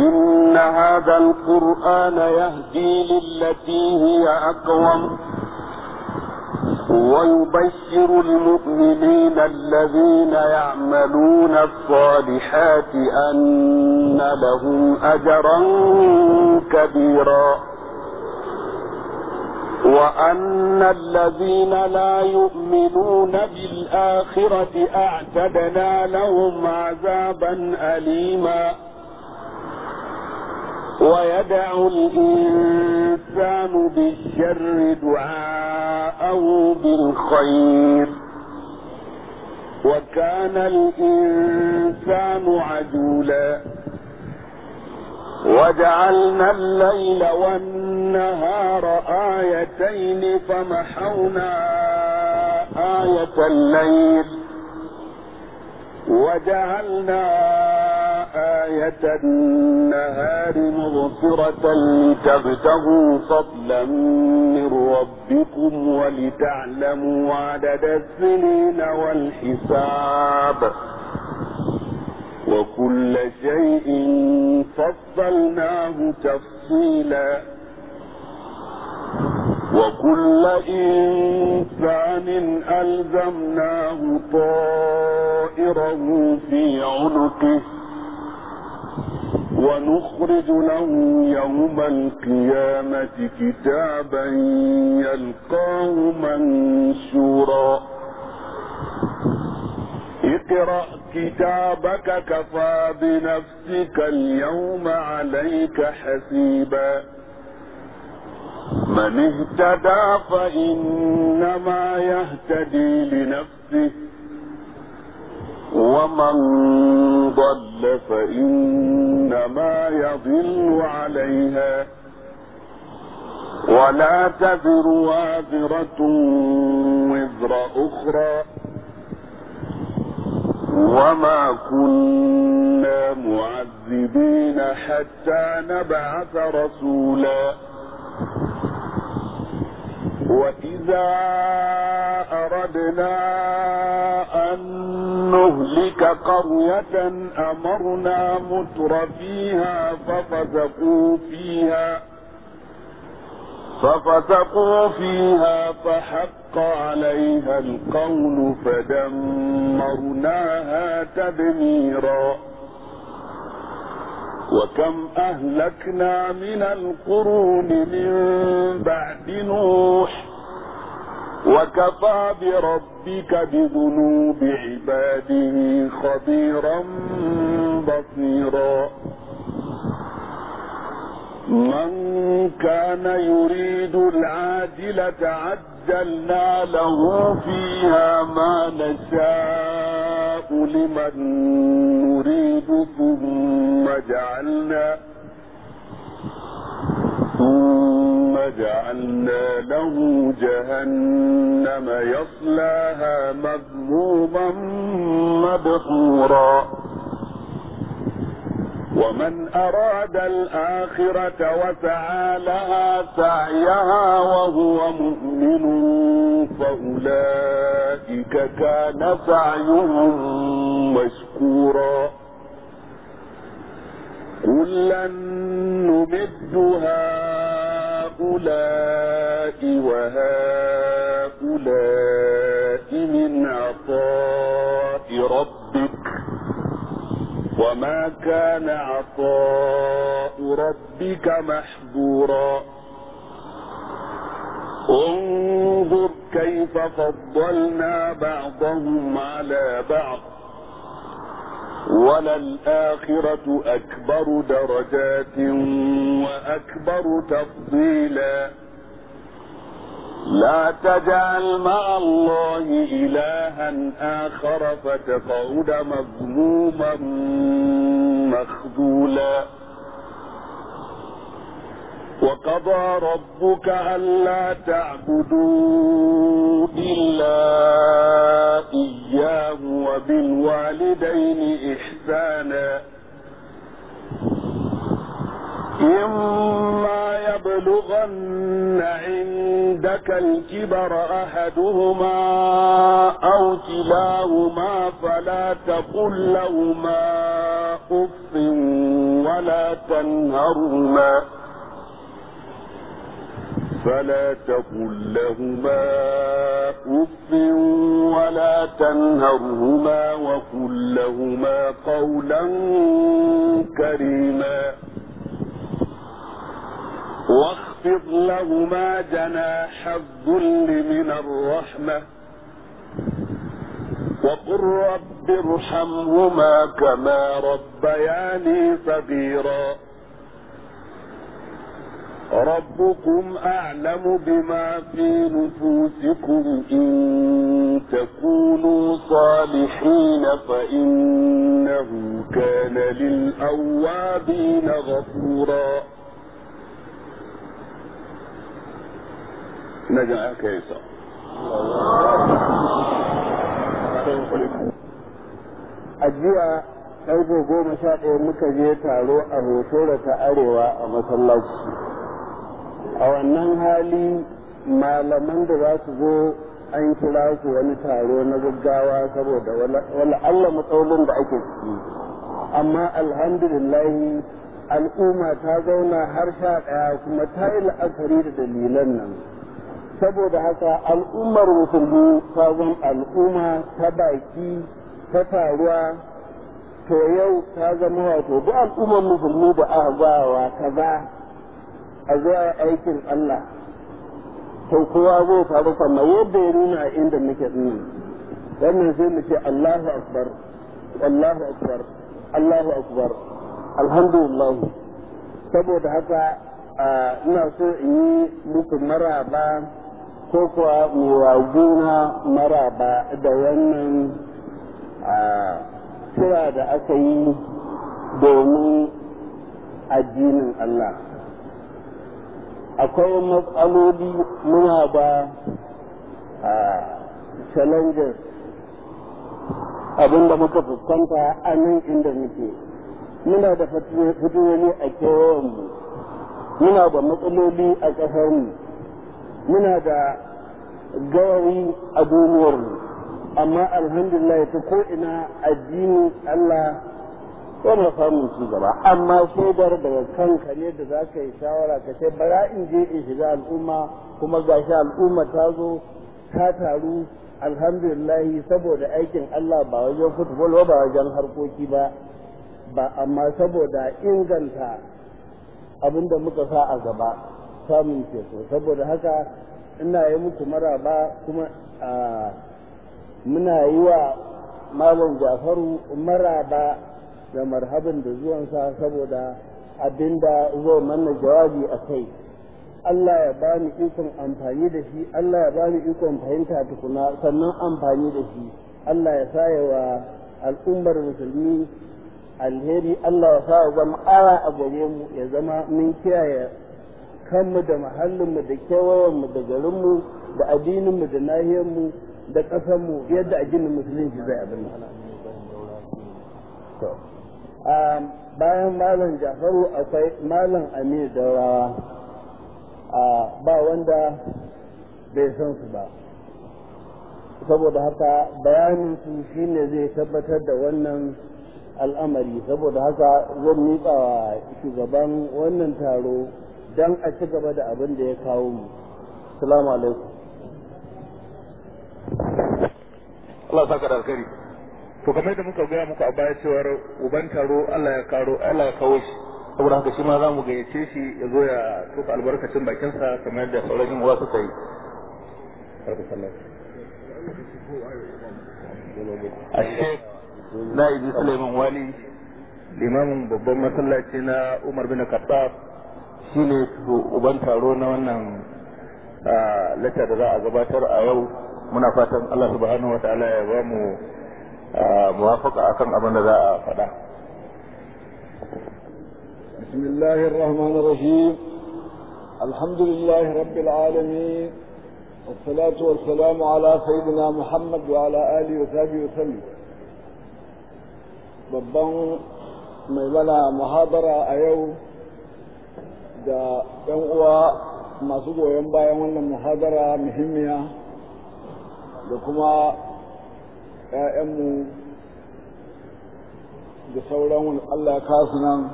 إن هذا القرآن يهدي للتي هي أقوم ويبشر المؤمنين الذين يعملون الصالحات أن لهم أجرا كبيرا وأن الذين لا يؤمنون بالآخرة أعتدنا لهم عذابا أليما ويدع الإنسان بالشر دعاءه بالخير وكان الإنسان عجولا وجعلنا الليل والنهار آيتين فمحونا آية الليل وجعلنا آية النهار مغفرة لتبتغوا فضلا من ربكم ولتعلموا عدد السنين والحساب وكل شيء فصلناه تفصيلا وكل إنسان ألزمناه طائره في عنقه ونخرج له يوم القيامة كتابا يلقاه منشورا اقرأ كتابك كفى بنفسك اليوم عليك حسيبا من اهتدى فإنما يهتدي لنفسه ومن ضل فإنما يضل عليها ولا تذر وازرة وزر أخرى وما كنا معذبين حتى نبعث رسولا وإذا أردنا أن نهلك قرية أمرنا متر فيها ففسقوا فيها ففسقوا فيها فحق عليها القول فدمرناها تدميرا وكم أهلكنا من القرون من بعد نور وكفى بربك بذنوب عباده خبيرا بصيرا من كان يريد العاجلة عجلنا له فيها ما نشاء لمن نريد ثم جعلنا وجعلنا له جهنم يصلاها مذموما مدحورا ومن أراد الآخرة وسعى لها سعيها وهو مؤمن فأولئك كان سعيهم مشكورا كلا نمد هؤلاء هؤلاء وهؤلاء من عطاء ربك وما كان عطاء ربك محظورا انظر كيف فضلنا بعضهم على بعض وللآخرة أكبر درجات وأكبر تفضيلا لا تجعل مع الله إلها آخر فتقعد مذموما مخذولا وقضى ربك ألا تعبدوا إلا إياه وبالوالدين إحسانا إما يبلغن عندك الكبر أحدهما أو كلاهما فلا تقل لهما أف ولا تنهرهما فلا تقل لهما أف ولا تنهرهما وقل لهما قولا كريما واخفض لهما جناح الذل من الرحمة وقل رب ارحمهما كما ربياني صغيرا ربكم أعلم بما في نفوسكم إن تكونوا صالحين فإنه كان للأوابين غفورا نجا كيسا أجيء أيضا قوم شاقه مكجيتا روح أبو سورة أريوة مسلاكي a wannan hali malaman da za su zo an kira su wani taro na gaggawa saboda wani Allah matsalolin da ake ciki amma alhamdulillahi al'umma ta zauna har sha ɗaya kuma ta yi la'akari da dalilan nan saboda haka al'ummar musulmi ta zan al'umma ta baki ta taruwa to yau ta zama wato duk al'ummar musulmi da aka kaza a zuwa aikin Allah to kowa zai faru kamar yadda ya nuna a inda muke nuna wannan sai mu ce Allahu akbar Allahu akbar Allahu akbar alhamdulillah saboda haka ina so in yi muku maraba ko kuwa mai waguna maraba da wannan kira da aka yi domin addinin Allah akwai matsaloli muna ba challenges abinda muka fuskanta a nan inda muke muna da fitowani a kewayenmu muna da matsaloli a mu muna da gawari a mu amma alhamdulillah ta ko'ina addini Allah yana samun ci gaba amma shaidar daga kanka ne da za ka yi shawara ka ce bara in je in shiga al'umma kuma gashi al'umma ta zo ta taru alhamdulillahi saboda aikin Allah ba wajen football ba wajen harkoki ba ba amma saboda inganta abinda muka sa a gaba samun ceto saboda haka ina yi muku maraba kuma ah, muna yi wa malam jafaru maraba da marhabin da zuwan sa saboda abinda zo manna jawabi akai kai Allah ya ba ni ikon amfani da shi Allah ya ba ikon fahimta tukuna sannan amfani da shi Allah ya sa wa al'ummar musulmi alheri Allah ya sa ya zama ara a gare mu ya zama mun kiyaye kanmu da muhallinmu da kewayenmu da garinmu da addininmu da nahiyarmu da ƙasarmu yadda addinin musulunci zai abin to bayan malam jafaru akwai malam amir da a ba wanda bai san su ba saboda haka bayanin su shine zai tabbatar da wannan al'amari saboda haka zan miƙa wa shugaban wannan taro don a ci gaba da abin da ya kawo mu salamu alaikum Allah saka da alkari to kamar da muka gaya muku a baya cewar uban taro Allah ya karo Allah ya kawo shi saboda haka shi ma za mu gayyace shi ya zo ya tuka albarkacin bakinsa kamar da sauran yin wasu sai. a shek na'ibi suleiman wali limamin babban masallaci na umar bin khattab shi ne uban taro na wannan ah, lacca da za a gabatar a yau muna fatan allah subhanahu wa ta'ala ya ba mu muwafaka akan abin da za a faɗa بسم الله الرحمن الرحيم الحمد لله رب العالمين والصلاة والسلام على سيدنا محمد وعلى آله وصحبه وسلم babban mai mana muhabara a yau da 'yan uwa masu goyon bayan wannan muhabara muhimmiya da kuma ƴaƴanmu da sauran wani Allah ya kasu nan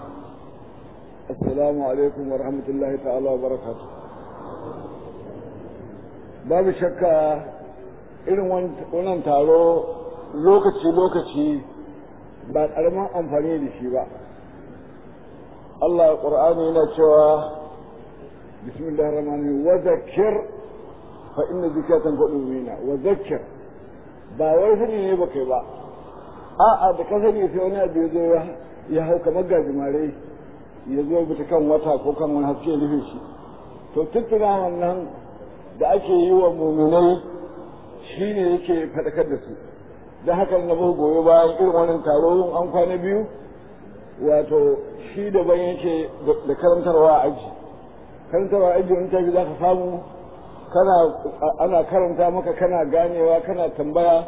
assalamu alaikum wa rahmatullahi ta'ala wa barakatu babu shakka irin wannan taro lokaci-lokaci ba ƙaramin amfani da shi ba Allah ƙur'ani yana cewa bismillahir rahmanir wa zakkir fa inna zikatan qulubina wa zakkir ba wai sani ne ba kai ba a'a da ka sani sai wani abu ya zo ya hau kamar gajimare ya zo bita kan wata ko kan wani haske nufin shi to tuttuna wannan da ake yi wa muminai ne yake faɗakar da su da hakan na bai goyo bayan irin wani taro an kwana biyu wato shi daban yake da karantarwa aji karantarwa aji wani ta za ka samu kana ana karanta maka kana ganewa kana tambaya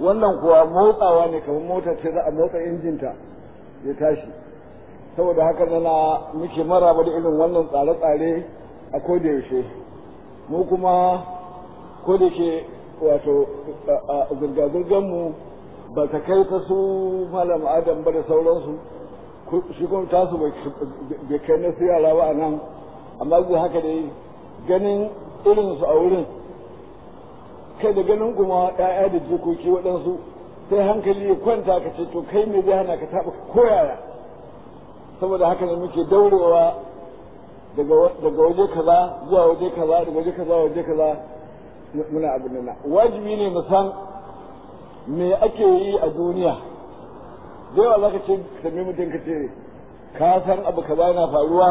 wannan kuwa motsawa ne kamar motar ce za a motsa injinta ya tashi saboda haka nana muke maraba da irin wannan tsare-tsare a kodayaushe mu kuma kodayaushe wato zirga-zirganmu ba ta kai ta su malam adam ba da sauransu shi kuma tasu bai kai na su yara ba a nan amma zai haka dai ganin irinsu a wurin kai da ganin kuma ‘ya'ya da jikoki waɗansu sai hankali ya kwanta ka ce to kai mai zai hana ka taɓa koyaya saboda haka ne muke daurewa daga waje kaza zuwa waje kaza daga waje kaza waje kaza muna abu nuna wajibi ne mu san me ake yi a duniya da yawa ka ce sami mutum ka ce ka san abu kaza na faruwa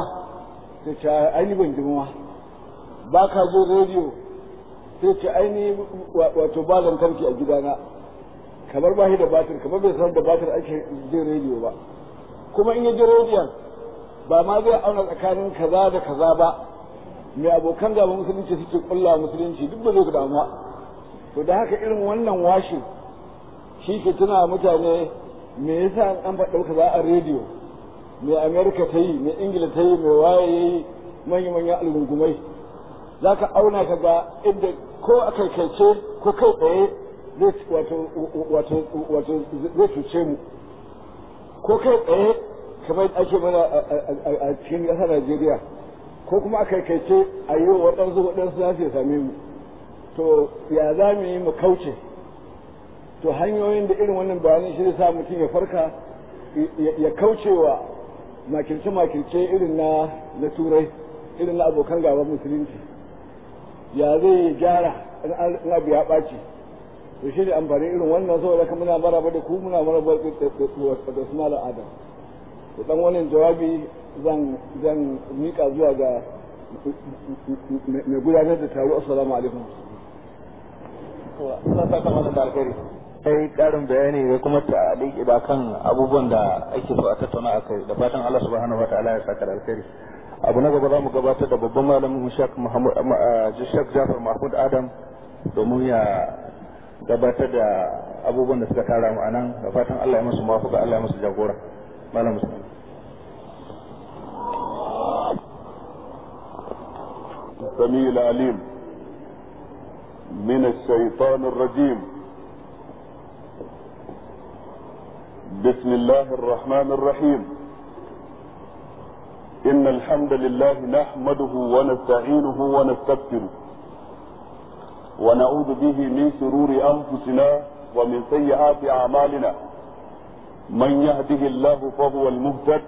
ta ce ai ban ba ka zo rediyo sai ce aini wato ba lantarki a gidana kamar ba shi da batir kamar bai san da batir ake jin rediyo ba kuma in ya ji rediyon ba ma zai auna tsakanin kaza da kaza ba mai abokan gaba musulunci suke kulla musulunci duk ba zai damuwa to da haka irin wannan washe shi ke tuna mutane me yasa an faɗa kaza a rediyo mai amerika ta yi mai ingila ta yi mai waye ya yi manya-manyan algungumai za ka auna ka ga inda ko a kaikaice ko kai tsaye wato zai cuce mu ko kai tsaye kamar ake mana a cikin ƙasar najeriya ko kuma a kaikaice a yi wa waɗansu waɗansu za su same mu to ya za mu yi mu kauce to hanyoyin da irin wannan bayanin shi sa mutum ya farka ya kauce wa makirce-makirce irin na turai irin na abokan gaban musulunci ya zai yi gyara in abu ya ɓaci to shi ne amfani irin wannan saboda kan muna maraba da ku muna maraba da suna da adam to dan wannan jawabi zan zan mika zuwa ga mai gudanar da taro assalamu alaikum sai karin bayani da kuma ta da kan abubuwan da ake so a tattauna a kai da fatan Allah subhanahu wa ta'ala ya saka da alkhairi abu na gaba za mu gabatar da babban malamin shak jafar mahmud adam domin ya gabatar da abubuwan da suka tara mu anan da fatan allah ya masu mafuka allah ya masu jagora malam musulmi السميع العليم من الشيطان الرجيم بسم الله الرحمن الرحيم إن الحمد لله نحمده ونستعينه ونستغفره ونعوذ به من شرور أنفسنا ومن سيئات أعمالنا من يهده الله فهو المهتد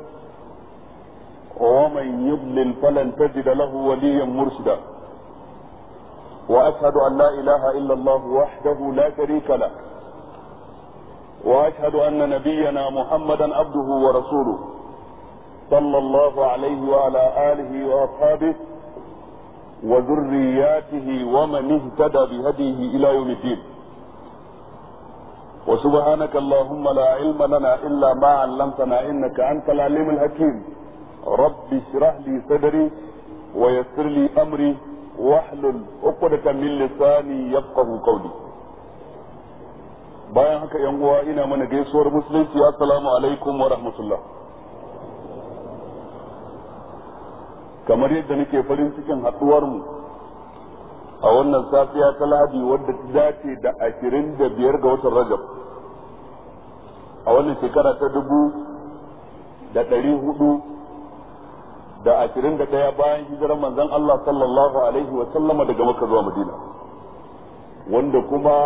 ومن يضلل فلن تجد له وليا مرشدا وأشهد أن لا إله إلا الله وحده لا شريك له وأشهد أن نبينا محمدا عبده ورسوله صلى الله عليه وعلى آله وأصحابه وذرياته ومن اهتدى بهديه إلى يوم الدين وسبحانك اللهم لا علم لنا إلا ما علمتنا إنك أنت العليم الحكيم رب اشرح لي صدري ويسر لي أمري واحلل عقدة من لساني يفقه قولي bayan haka yan uwa ina mana gaisuwar musulunci assalamu alaikum wa rahmatullah kamar yadda nake farin cikin haɗuwar mu a wannan safiya ta lahadi wadda ta dace da ashirin da biyar ga watan rajab a wannan shekara ta dubu da ɗari hudu da ashirin da ɗaya bayan hijirar manzon Allah sallallahu alaihi wa sallama daga maka zuwa madina wanda kuma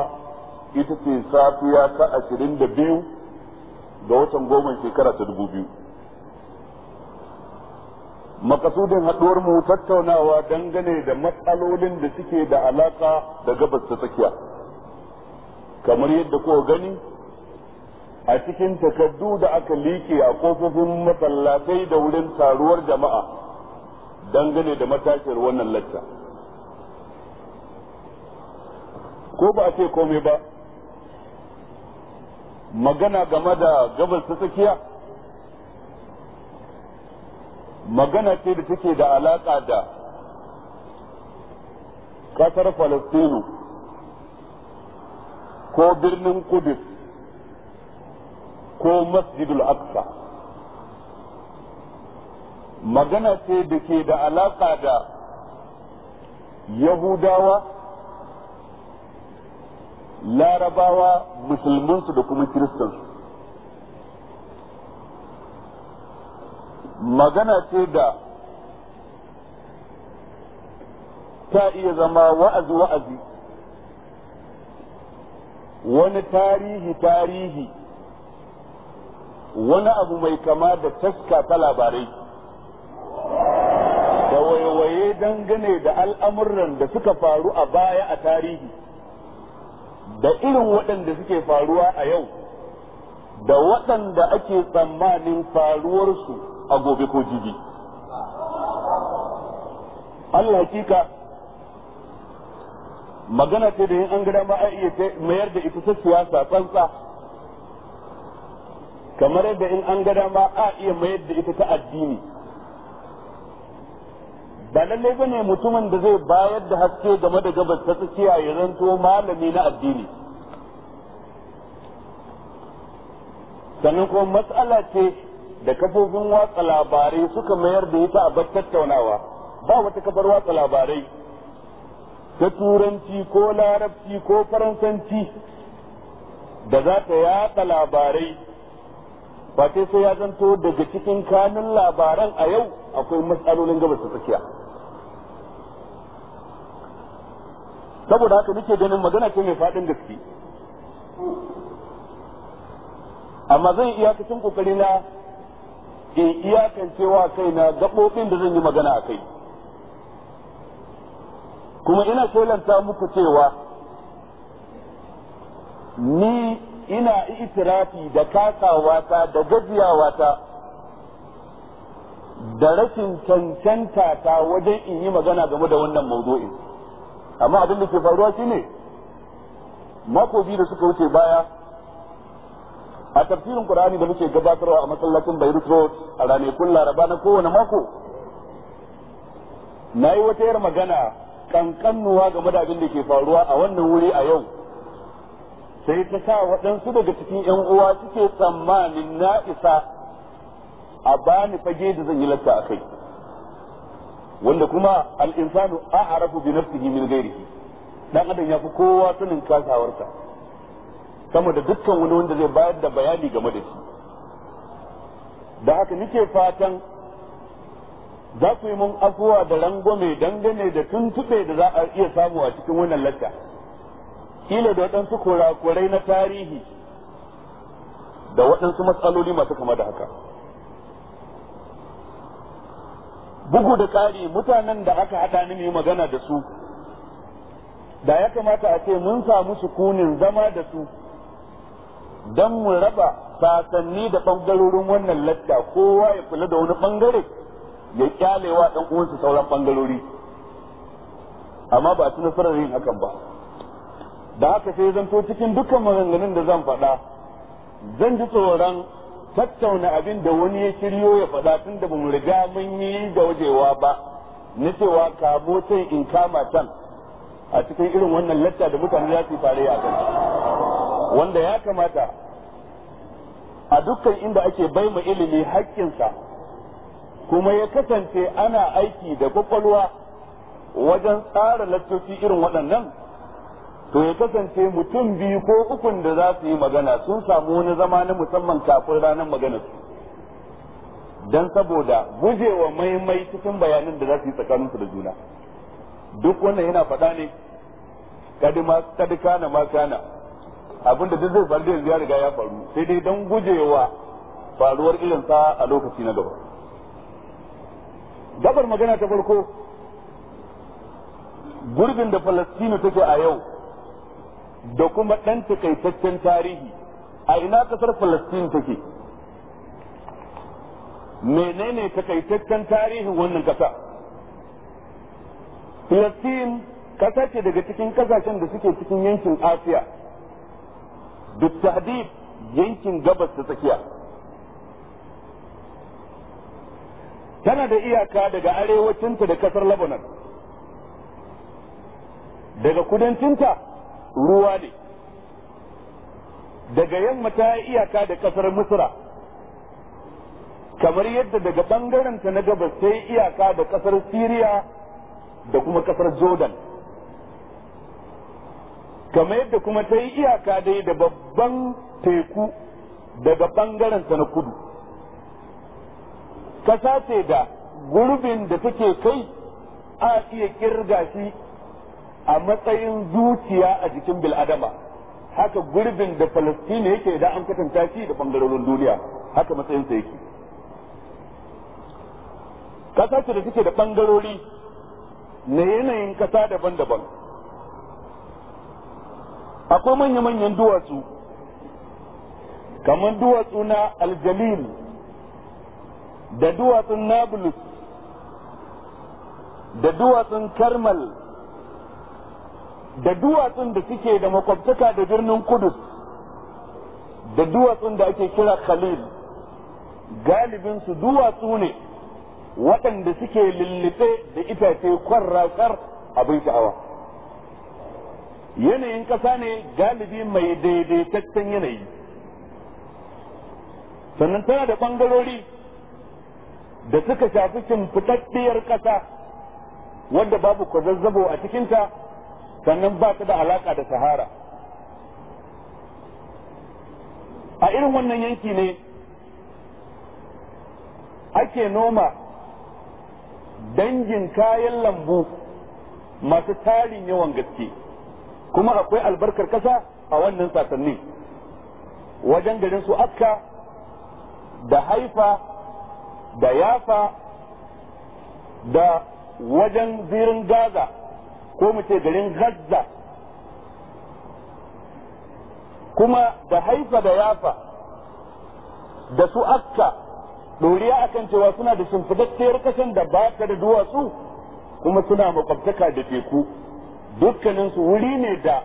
ita ce safiya ta ashirin da biyu ga watan goma shekara ta dubu biyu makasudin haɗuwar mu tattaunawa dangane da matsalolin da suke da alaƙa da gabas ta tsakiya kamar yadda ko gani a cikin takaddu da aka liƙe a kofofin masallatai da wurin taruwar jama'a dangane da matashiyar wannan lacca ko ba a ce komai ba magana game da gabas ta tsakiya magana ce da take da alaka da ƙasar falastinu ko birnin kudus ko masjidul aqsa magana ce da ke da alaka da yahudawa larabawa musulmansu da kuma kiristansu magana ce da ta iya zama wa'azi wa'azi wani tarihi tarihi wani abu mai kama da taska ta labarai da waiwaye dangane da al'amuran da suka faru a baya a tarihi da irin waɗanda suke faruwa a yau da waɗanda ake tsammanin faruwarsu a gobe ko jibi Allah hakika magana ce da yin an gada ba a iya mayar da ita ta siyasa tsantsa kamar yadda in an gada ma a iya mayar da ita ta addini ba lallai ba ne mutumin da zai bayar da haske game da gabas ta tsakiya ya zanto malami na addini sannan kuma matsala ce da kafofin watsa labarai suka mayar da ita a tattaunawa ba wata kafar watsa labarai ta turanci ko larabci ko faransanci da za ta yatsa labarai ba sai sai ya zanto daga cikin kanun labaran a yau akwai matsalolin gabas ta tsakiya saboda haka nake ganin magana ce mai faɗin gaske amma zan iyakacin ƙoƙari na in iyakancewa na gaɓoɓin da zan yi magana a kai kuma ina shelanta muku cewa ni ina itirafi da kasawata da gajiyawata da rashin cancanta ta wajen in yi magana game da wannan maudu'in amma abin da ke faruwa shine mako biyu da suka wuce baya a tafsirin Qur'ani da muke gabatarwa a masallacin Beirut Road a ranakun Laraba na kowane mako na yi wata yar magana kankanuwa game da abin da ke faruwa a wannan wuri a yau sai ta sa waɗansu daga cikin 'yan uwa suke tsammanin na isa a bani fage da zan yi latta a kai wanda kuma al'insanu a harafu bi nafsihi min gairihi dan adam ya fi kowa sanin kasawarsa sama da dukkan wani wanda zai bayar da bayani game da shi da haka nike fatan za ku yi mun afuwa da rangwame dangane da tuntuɓe da za a iya samu a cikin wannan lacca kila da waɗansu kurakurai na tarihi da waɗansu matsaloli masu kama da haka bugu da ƙari mutanen da aka haɗa ni mai magana da su da ya kamata a ce mun samu sukunin zama da su don mu raba sasanni da bangarorin wannan latta kowa ya kula da wani bangare ya kyalewa dan uwansa sauran bangarori amma ba a nasarar yin hakan ba da haka sai zan to cikin dukkan maganganun da zan faɗa zan ji tsoron tattauna abin da wani ya shiryo ya faɗa tun da bamu riga mun yi da wajewa ba na cewa kamo can in kama can a cikin irin wannan latta da mutane za su yi fare a kan wanda ya kamata a dukkan inda ake baima ilimi haƙƙinsa kuma ya kasance ana aiki da kwakwalwa wajen tsara lattoci irin waɗannan to ya kasance mutum biyu ko ukun da za su yi magana sun samu wani zama na musamman kafin ranar magana su don saboda gujewa maimai cikin bayanin da za su yi tsakaninsu da juna duk wannan yana faɗa ne kadi kana ma kana abin da duk zai faru da yanzu ya riga ya faru sai dai don gujewa faruwar irin sa a lokaci na gaba gabar magana ta farko gurbin da falastinu take a yau da kuma ɗan takaitaccen tarihi a ina kasar falastinu take menene takaitaccen tarihin wannan kasa falastin ƙasa ce daga cikin kasashen da suke cikin yankin asiya duk bitahdid yankin gabas ta tsakiya tana da iyaka daga arewacinta da kasar Lebanon daga kudancinta ruwa ne daga yamma ta iyaka da kasar Misra kamar yadda daga ta na gabas ta iyaka da kasar Siriya da kuma kasar Jordan kamar yadda kuma ta yi iyaka dai da babban teku daga ɓangaren ta na kudu kasa ce da gurbin da take kai a iya kirga shi a matsayin zuciya a jikin bil'adama haka gurbin da falastini yake da an kwatanta shi da ɓangarorin duniya haka matsayinsa yake kasa ce da take da ɓangarori na yanayin kasa daban-daban akwai manya-manyan duwatsu kamar duwatsu na aljalil da duwatsun nablus da duwatsun karmal da duwatsun da suke da makwabtaka da birnin kudus da duwatsun da ake kira khalil galibinsu duwatsu ne waɗanda suke lullube da itace kwarrakar abin sha'awa yanayin ƙasa ne galibi mai daidaitaccen yanayi sannan tana da ɓangarori da suka shafi fitaddiyar ƙasa wadda babu kwazazzabo a cikinta sannan ba ta da alaƙa da sahara a irin wannan yanki ne ake noma dangin kayan lambu masu tarin yawan gaske. kuma akwai albarkar kasa a wannan sasannin wajen garin su akka da haifa da yafa da wajen zirin gaza ko mu ce garin gaza kuma da haifa da yafa da su akka ɗoriya akan cewa suna da shimfidattiyar kasan da ba ta da duwatsu kuma suna makwabtaka da teku dukkaninsu wuri ne da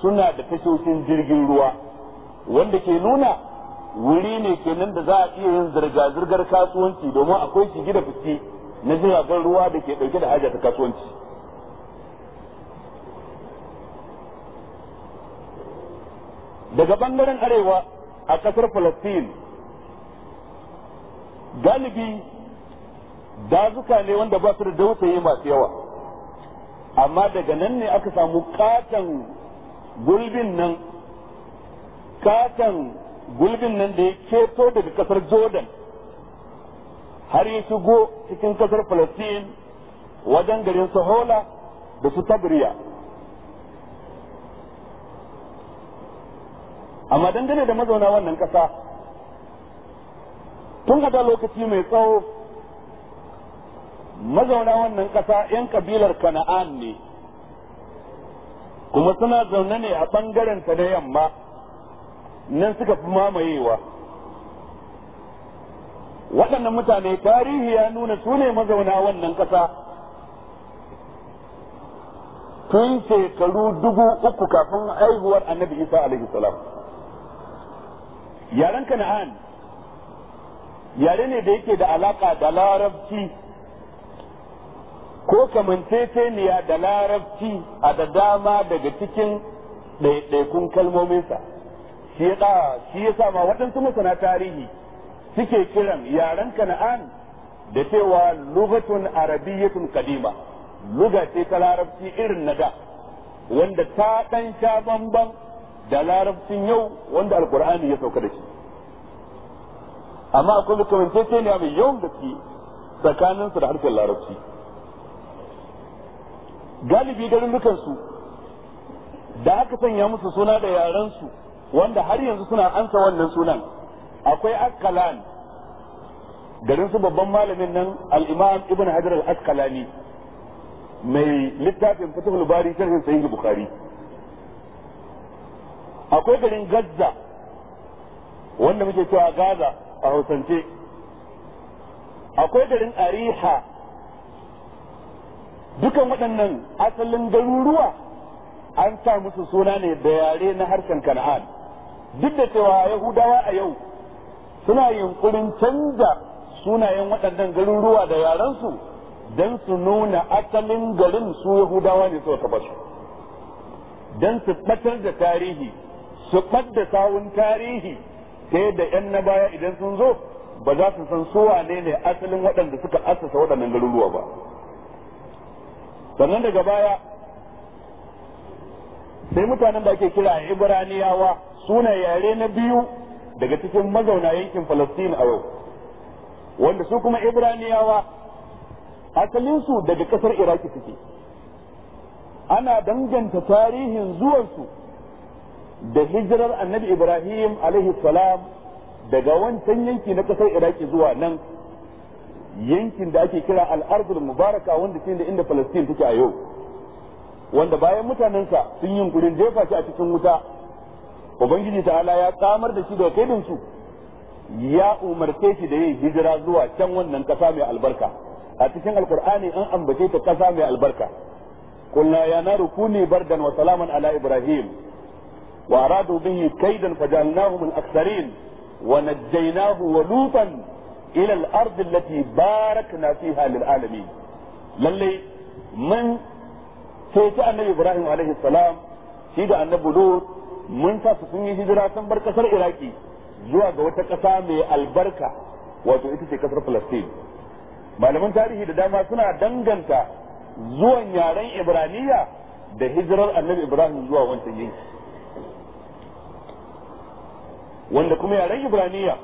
suna da tashoshin jirgin ruwa wanda ke nuna wuri ne kenan da za a iya yin zirga-zirgar kasuwanci domin akwai shi da fice na jiragen ruwa da ke dauke da haja ta kasuwanci daga ɓangaren arewa a kasar falastin galibi dazuka ne wanda ba su da dautaye masu yawa amma daga nan ne aka samu katon gulbin nan katon gulbin nan da ya keto daga kasar jordan har ya shigo cikin kasar palestine wajen garin sahola da su tabriya amma dangane da mazauna wannan kasa tun a lokaci mai tsawo mazauna wannan ƙasa 'yan kabilar kana'an ne kuma suna zaune ne a ɓangaren ta na yamma nan suka fi mamayewa waɗannan mutane tarihi ya nuna su ne mazauna wannan ƙasa tun shekaru dubu uku kafin haihuwar annabi isa alaihi salam yaren kana'an yare ne da yake da alaƙa da larabci ko kamanceceniya da larabci a da dama daga cikin ɗaiɗaikun kalmominsa shi ya shi ya ma waɗansu masana tarihi suke kiran yaren kana'an da cewa lugatun arabiyyatun kadima luga ce ta larabci irin na da wanda ta ɗan sha bamban da larabcin yau wanda alkur'ani ya sauka da shi amma akwai kamanceceniya mai yawan gaske tsakaninsu da harshen larabci galibi garin su da aka sanya musu suna da yaran su wanda har yanzu suna ansa wannan sunan akwai akkalan garin su babban malamin nan al-imam ibn hajar al-asqalani mai littafin fatihul bari sharhin sahih bukhari akwai garin gazza wanda muke cewa gaza a hausance akwai garin ariha dukan waɗannan asalin garuruwa an sa musu suna ne da yare na harshen kana'an duk da cewa yahudawa a yau suna yunkurin canza sunayen waɗannan garuruwa da yarensu don su nuna asalin garin su yahudawa ne suka taɓa su don su ɓatar da tarihi su da sawun tarihi sai da 'yan na baya idan sun zo ba za su san su ne ne asalin waɗanda suka asasa waɗannan garuruwa ba sannan daga baya sai mutanen da ake kira ibraniyawa suna yare na biyu daga cikin mazauna yankin falastin a yau wanda su kuma ibraniyawa asalinsu daga kasar iraki suke ana danganta tarihin zuwansu da hijirar annabi ibrahim alaihi salam daga wancan yanki na kasar iraki zuwa nan yankin da ake kira al-ardul mubaraka wanda ke da inda Palestine take a yau wanda bayan mutanensa sun yi gurin jefa shi a cikin wuta ubangiji ta'ala ya samar da shi da kaidin su ya umarce shi da yin hijira zuwa can wannan kasa mai albarka a cikin alkur'ani an ambace ta kasa mai albarka kullu ya naru kuni bardan wa salaman ala ibrahim wa aradu bihi kaidan fajalnahu min aktharin wa najjaynahu wa lutan ila al-ard allati barakna fiha lil alamin lalle mun sai ta annabi Ibrahim alaihi salam shi da annabi Lut mun sa sun yi hijira sun bar kasar Iraki zuwa ga wata kasa mai albarka wato ita ce kasar Palestine malaman tarihi da dama suna danganta zuwan yaren Ibraniya da hijirar annabi Ibrahim zuwa wancan yanki wanda kuma yaren Ibraniya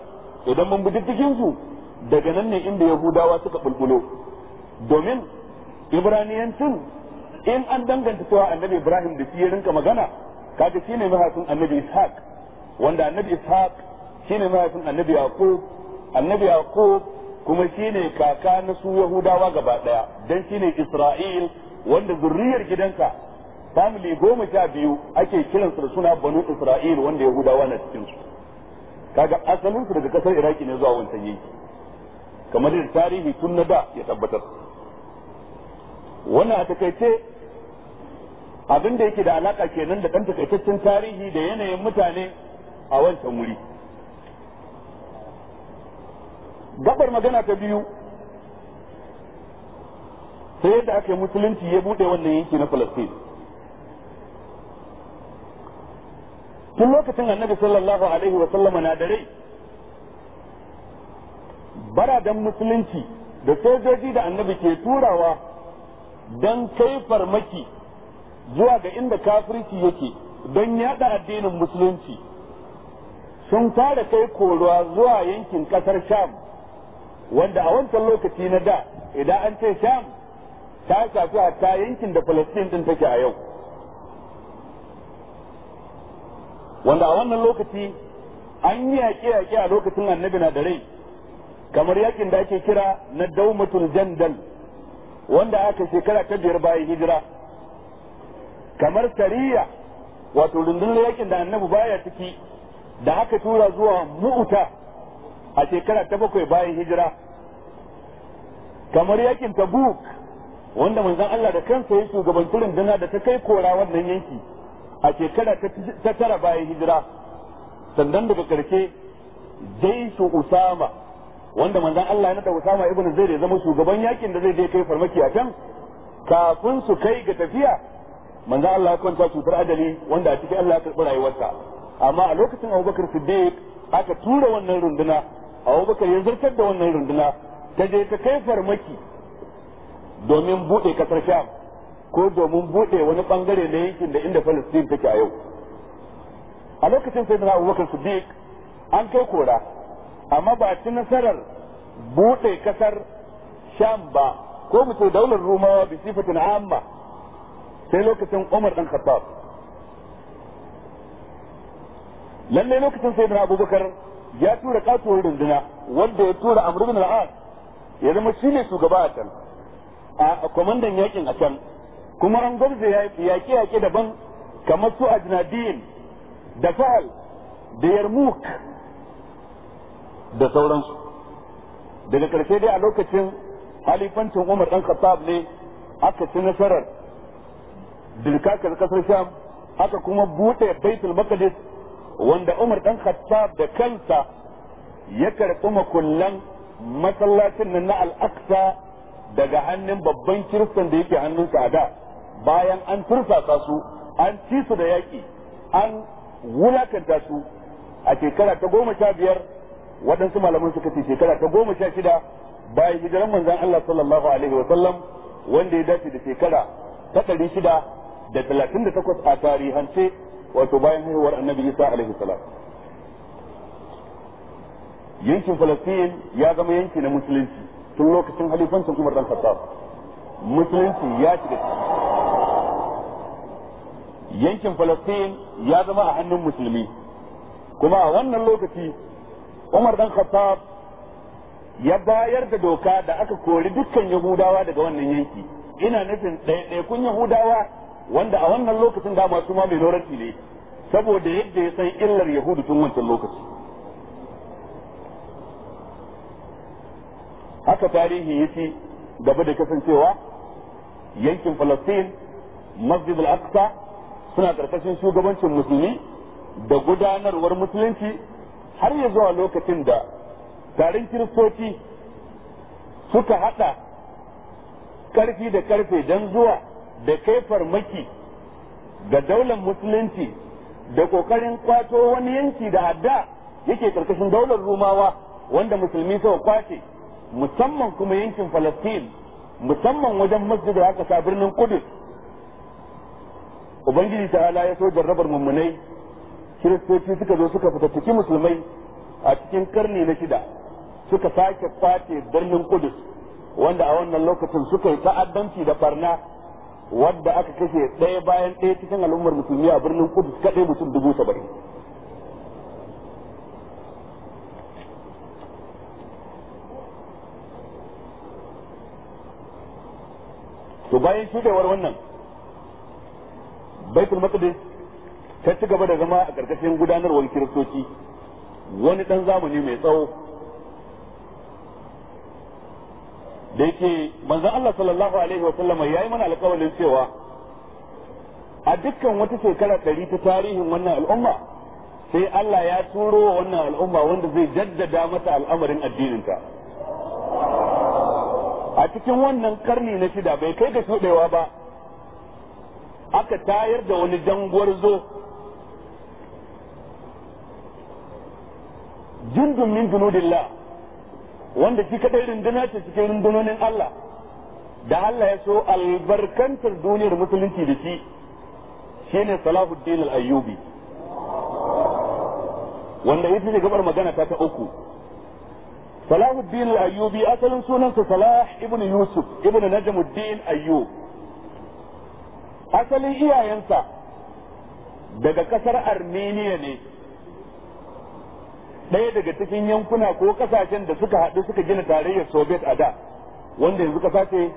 idan mun bi diddigin su daga nan ne inda yahudawa suka bulbulo domin ibraniyancin in an danganta cewa annabi ibrahim da shi ya rinka magana kaga shine mahaifin annabi ishaq wanda annabi ishaq shine mahaifin annabi yaqub annabi yaqub kuma shine kaka na su yahudawa gaba daya dan shine isra'il wanda zurriyar gidanka. family goma sha biyu ake kiransu da suna banu isra'il wanda yahudawa na cikin su kaga asalin su daga kasar iraki ne zuwa wancan yanki kamar da tarihi tun na da ya tabbatar wannan a takaice abin da yake da alaka kenan da ɗan takaitaccen tarihi da yanayin mutane a wancan wuri gabar magana ta biyu sai yadda aka musulunci ya bude wannan yanki na falastin tun lokacin annabi sallallahu alaihi wa sallama na da rai baradan musulunci da sojoji da annabi ke turawa don kai farmaki zuwa ga inda kafirci yake don yada addinin musulunci sun fara kai koruwa zuwa yankin kasar sham wanda a wancan lokaci na da idan an ce sham ta shafi hatta yankin da falastin din take a yau wanda a wannan lokaci an yi yaƙe-yaƙe a lokacin annabi na da rai kamar yakin da ake kira na daumatul jandal wanda aka shekara ta biyar bayan hijira kamar sariya wato rundunar yakin da annabi baya ciki da aka tura zuwa mu'uta a shekara ta bakwai bayan hijira kamar yakin tabuk wanda manzon Allah da kansa ya shugabanci rundunar da ta kai kora wannan yanki a shekara ta tara bayan hijira sannan daga karshe jaisu usama wanda manzan Allah ya da Usama ibn Zaid ya zama shugaban yakin da zai je kai farmaki a can kafin su kai ga tafiya manzan Allah ya kwanta cutar adali wanda a cikin Allah ya karɓi rayuwarsa amma a lokacin Abubakar Siddiq aka tura wannan runduna Abubakar ya zartar da wannan runduna ta je ta kai farmaki domin buɗe kasar Sham ko domin buɗe wani bangare na yankin da inda Palestine take a yau a lokacin sai Abubakar Siddiq an kai kora amma ba ci nasarar buɗe kasar sham ba ko mu ce daular rumawa bi sifatin amma sai lokacin umar dan khattab lalle lokacin sayyidina abubakar ya tura katuwar runduna wanda ya tura amr ibn al ya zama shine shugaba a can a kwamandan yakin a can kuma an gwamza yaƙe yaƙe daban kamar su ajnadin da fa'al da yarmuk da sauransu daga ƙarshe dai a lokacin halifancin umar ɗan khattab ne aka ci nasarar dirkakar kasar sham aka kuma buɗe baitul maqdis wanda umar ɗan khattab da kansa ya karɓi makullan masallacin nan na al daga hannun babban kiristan da yake hannun a da bayan an tursasa su an ci su da yaƙi an wulakanta su a shekara ta goma sha biyar waɗansu malaman suka ce shekara ta goma sha shida bayan hijiran manzan Allah sallallahu alaihi wa sallam wanda ya dace da shekara ta ɗari shida da talatin da takwas a tarihance wato bayan haihuwar annabi Isa alaihi salam yankin Falastin ya zama yanki na musulunci tun lokacin halifancin Umar dan Khattab musulunci ya shiga yankin Falastin ya zama a hannun musulmi kuma a wannan lokaci umar dan khattab ya bayar da doka da aka kori dukkan yahudawa daga wannan yanki ina nufin ɗaiɗaikun yahudawa wanda a wannan lokacin da masu ma minority ne saboda yadda ya san illar yahudu tun wancan lokaci haka tarihi ya ci gaba da kasancewa yankin falastin masjid al-aqsa suna karkashin shugabancin musulmi da gudanarwar musulunci har ya zuwa lokacin da taron kiristoci suka haɗa ƙarfi da karfe don zuwa da kai farmaki ga daular musulunci da ƙoƙarin kwato wani yanki da adda yake ƙarƙashin daular rumawa wanda musulmi suka kwace musamman kuma yankin falastin musamman wajen masjid da aka sa birnin kudus ubangiji ta ya so jarrabar mummunai kiristoci suka zo suka fita fitattaki musulmai a cikin karni na shida suka sake kwace birnin kudus wanda a wannan lokacin suka yi ta'addanci da farna wadda aka kashe ɗaya bayan ɗaya cikin al'ummar musulmi a birnin kudus kaɗai mutum dubu saba'in to bayan shudewar wannan baitul maqdis ta ci gaba da zama a ƙarƙashin gudanarwar kiristoci wani ɗan zamani mai tsawo da yake manzon Allah sallallahu alaihi wa sallama yayi mana alƙawarin cewa a dukkan wata shekara ɗari ta tarihin wannan al'umma sai Allah ya turo wa wannan al'umma wanda zai jaddada mata al'amarin addininta a cikin wannan karni na shida bai kai ga shuɗewa ba aka tayar da wani janguwar zo jundun min junudillah wanda shi kadai runduna ce cikin rundunonin Allah da Allah ya so albarkantar duniyar musulunci da shi shine Salahuddin al-Ayyubi wanda ita ce gabar magana ta ta uku Salahuddin al-Ayyubi asalin sunansa Salah ibn Yusuf ibn Najmuddin Ayyub asalin iyayensa daga kasar Armenia ne ɗaya daga cikin yankuna ko kasashen da suka haɗu suka gina tarayyar soviet a da wanda yanzu kasa ce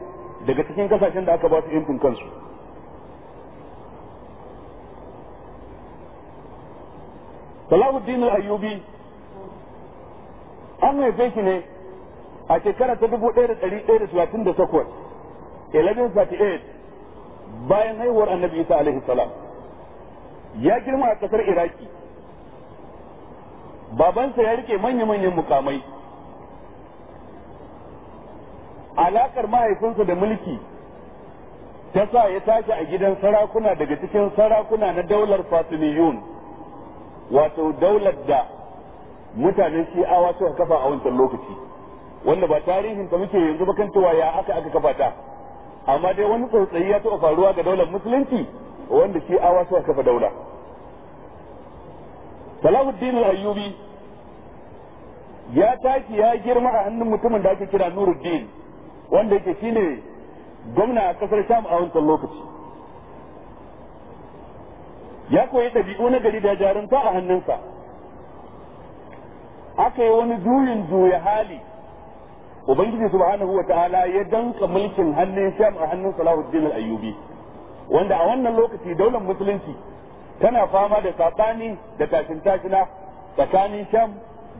daga cikin kasashen da aka ba su yankin kansu salahuddin ayyubi an haife shi ne a shekara ta dubu ɗaya da ɗari ɗaya da talatin takwas 1138 bayan haihuwar annabi isa alaihi salam ya girma a ƙasar iraki babansa ya rike manya-manyan mukamai alakar mahaifinsa da mulki ta sa ya tashi a gidan sarakuna daga cikin sarakuna na daular fatimiyun wato daular da mutanen shi'awa suka kafa a wancan lokaci wanda ba tarihin ta muke yanzu ba kan cewa ya aka aka kafa ta amma dai wani tsautsayi ya taɓa faruwa ga daular musulunci wanda shi'awa suka kafa daular. salahuddin al-ayyubi ya tashi ya girma a hannun mutumin da ake kira nuruddin wanda yake shine gwamna a kasar sham a wancan lokaci ya koyi ɗabi'u na gari da jarumta a hannunsa aka yi wani juyin juya hali ubangiji subhanahu wata'ala ya danka mulkin hannun sham a hannun salahuddin al-ayyubi wanda a wannan lokaci daular musulunci tana fama da sabani da tashin tashina tsakanin sham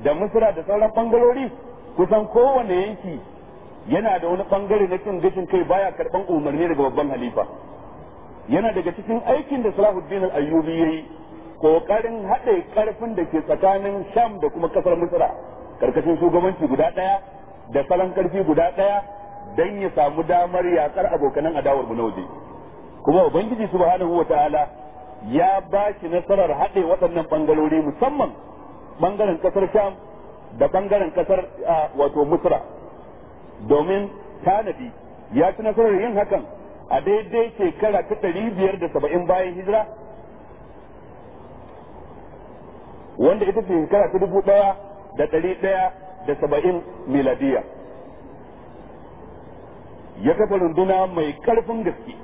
da misra da sauran bangarori kusan kowane yanki yana da wani bangare na cin gashin kai baya karban umarni daga babban halifa yana daga cikin aikin da Salahuddin al-Ayyubi yayi kokarin haɗe karfin da ke tsakanin Sham da kuma kasar Misra karkashin shugabanci guda ɗaya da salon karfi guda ɗaya dan ya samu damar yakar abokanan adawar mu na waje kuma ubangiji subhanahu wataala ya ba shi nasarar haɗe waɗannan bangarori musamman bangaren ƙasar sham da bangaren ƙasar wato musra domin tanadi ya ci nasarar yin hakan a daidai shekara ta ɗari biyar da saba'in bayan hijira wanda ita ce shekara ta dubu ɗaya da ɗari ɗaya da saba'in miladiya ya kafa runduna mai ƙarfin gaske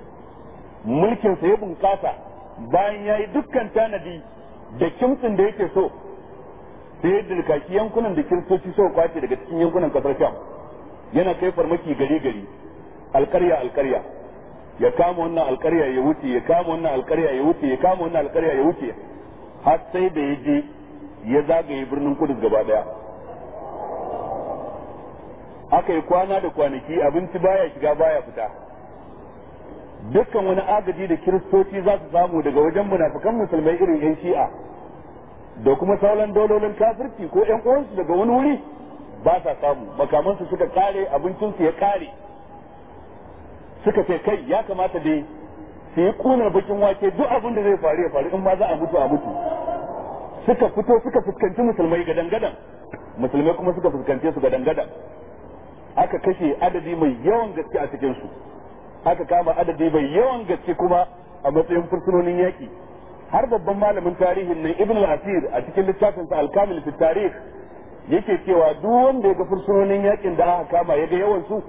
mulkinsa ya bunƙasa bayan ya yi dukkan tanadi da kimtsin da yake so sai ya da kaki yankunan da kiristoci so kwace daga cikin yankunan kasar sham yana kai farmaki gari gari alkarya alkarya ya kama wannan alkarya ya wuce ya kama wannan alkarya ya wuce ya kama wannan alkarya ya wuce har sai da ya je ya zagaye birnin kudus gaba daya aka yi kwana da kwanaki abinci baya shiga baya fita dukkan wani agaji da kiristoci za su samu daga wajen munafukan musulmai irin yan shi'a da kuma sauran dololin kafirci ko yan uwansu daga wani wuri ba sa samu makamansu suka kare abincinsu ya kare suka ce kai ya kamata dai su yi kunar bakin wake duk abin da zai faru ya faru in ma za a mutu a mutu suka fito suka fuskanci musulmai gadan gadan musulmai kuma suka fuskance su gadan gadan aka kashe adadi mai yawan gaske a cikin su aka kama adadi bai yawan gaske kuma a matsayin fursunonin yaƙi har babban malamin tarihin nan ibn al-asir a cikin littafin sa al-kamil fi tarih yake cewa duk wanda ya ga fursunonin yaƙin da aka kama ya ga yawan su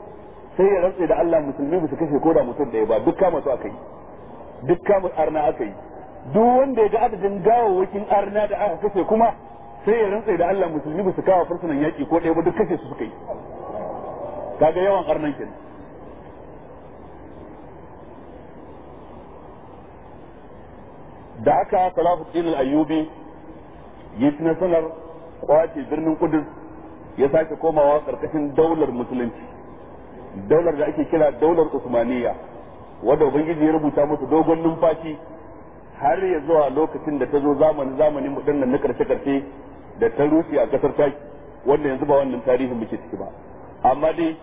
sai ya rantsa da Allah musulmi ba su kashe ko da mutum ɗaya ba duk kama su aka yi duk kama arna aka yi duk wanda ya ga adadin gawawwakin arna da aka kashe kuma sai ya rantsa da Allah musulmi ba su kawo fursunan yaƙi ko ɗaya ba duk kashe su suka yi kaga yawan arnan kenan da aka salafu din al-ayyubi yi nasarar kwace birnin kudus ya sake komawa karkashin daular musulunci daular da ake kira daular usmaniyya wadda ubangiji ya rubuta musu dogon numfashi har ya zuwa lokacin da ta zo zamanin zamanin mu na karshe karshe da ta rushe a kasar taki wanda yanzu ba wannan tarihin muke ciki ba amma dai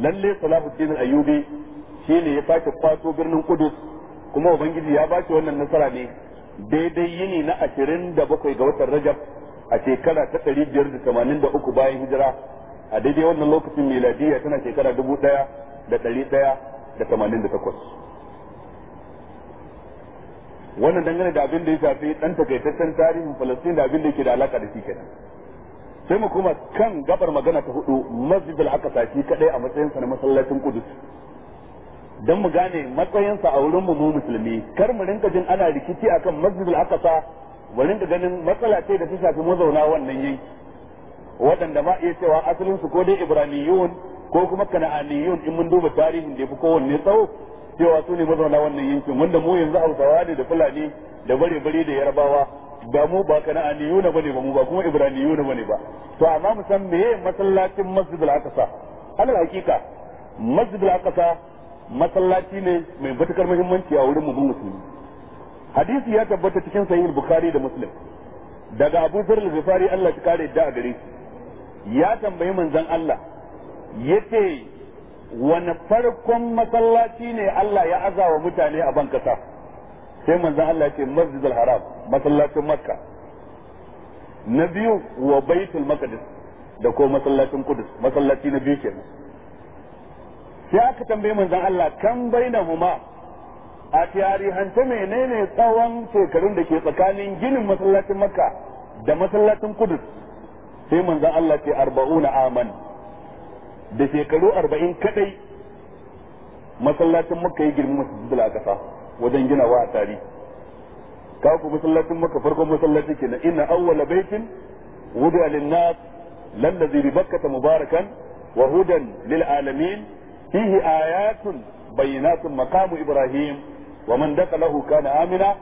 lalle salahuddin ayyubi shine ya sake kwato birnin kudus kuma ubangiji ya ba wannan nasara ne daidai yini na ashirin da bakwai ga watan rajab a shekara ta ɗari biyar da tamanin da uku bayan hijira a daidai wannan lokacin miladiyya tana shekara dubu ɗaya da ɗari ɗaya da tamanin da takwas wannan dangane da abin da ya shafi ɗan takaitaccen tarihin falastin da abin da yake da alaƙa da shi sai mu kuma kan gabar magana ta hudu masjid al-aqsa shi kadai a matsayin sa na masallacin qudus don mu gane matsayinsa a wurin mu musulmi kar mu rinka jin ana rikici akan masjidul aqsa mu rinka ganin matsala ce da ta shafi mazauna wannan yanki waɗanda ma iya cewa asalin su ko dai ibraniyun ko kuma kana'aniyun in mun duba tarihin da fi kowanne tsawo cewa su ne mazauna wannan yankin wanda mu yanzu hausawa ne da fulani da bare bare da yarabawa ba mu ba kana'aniyuna bane ba mu ba kuma ibraniyuna bane ba to amma mu san meye masallacin masjidul aqsa alal hakika masjidul aqsa masallaci ne mai matukar muhimmanci a wurin mu musulmi hadisi ya tabbata cikin sahih bukhari da muslim daga abu zar al Allah ya kare da a gare shi ya tambayi manzon Allah yace wani farkon masallaci ne Allah ya azawa mutane a ban kasa sai manzon Allah yace masjidul haram masallacin makka na biyu wa baitul maqdis da ko masallacin kudus masallaci na biyu kenan sai aka tambaye manzon Allah kan bainahuma a tarihance menene tsawon shekarun da ke tsakanin ginin masallacin makka da masallacin kudus sai manzon Allah ce arba'una aman da shekaru arba'in kadai masallacin makka ya girma masjidul aqsa wajen ginawa a tarihi ka ku masallacin makka farkon masallaci kenan inna awwala baitin wudi'a lin-nas lallazi bi bakkata mubarakan wa hudan lil alamin fihi bayyana sun maqamu ibrahim wa man dakalahu kana amina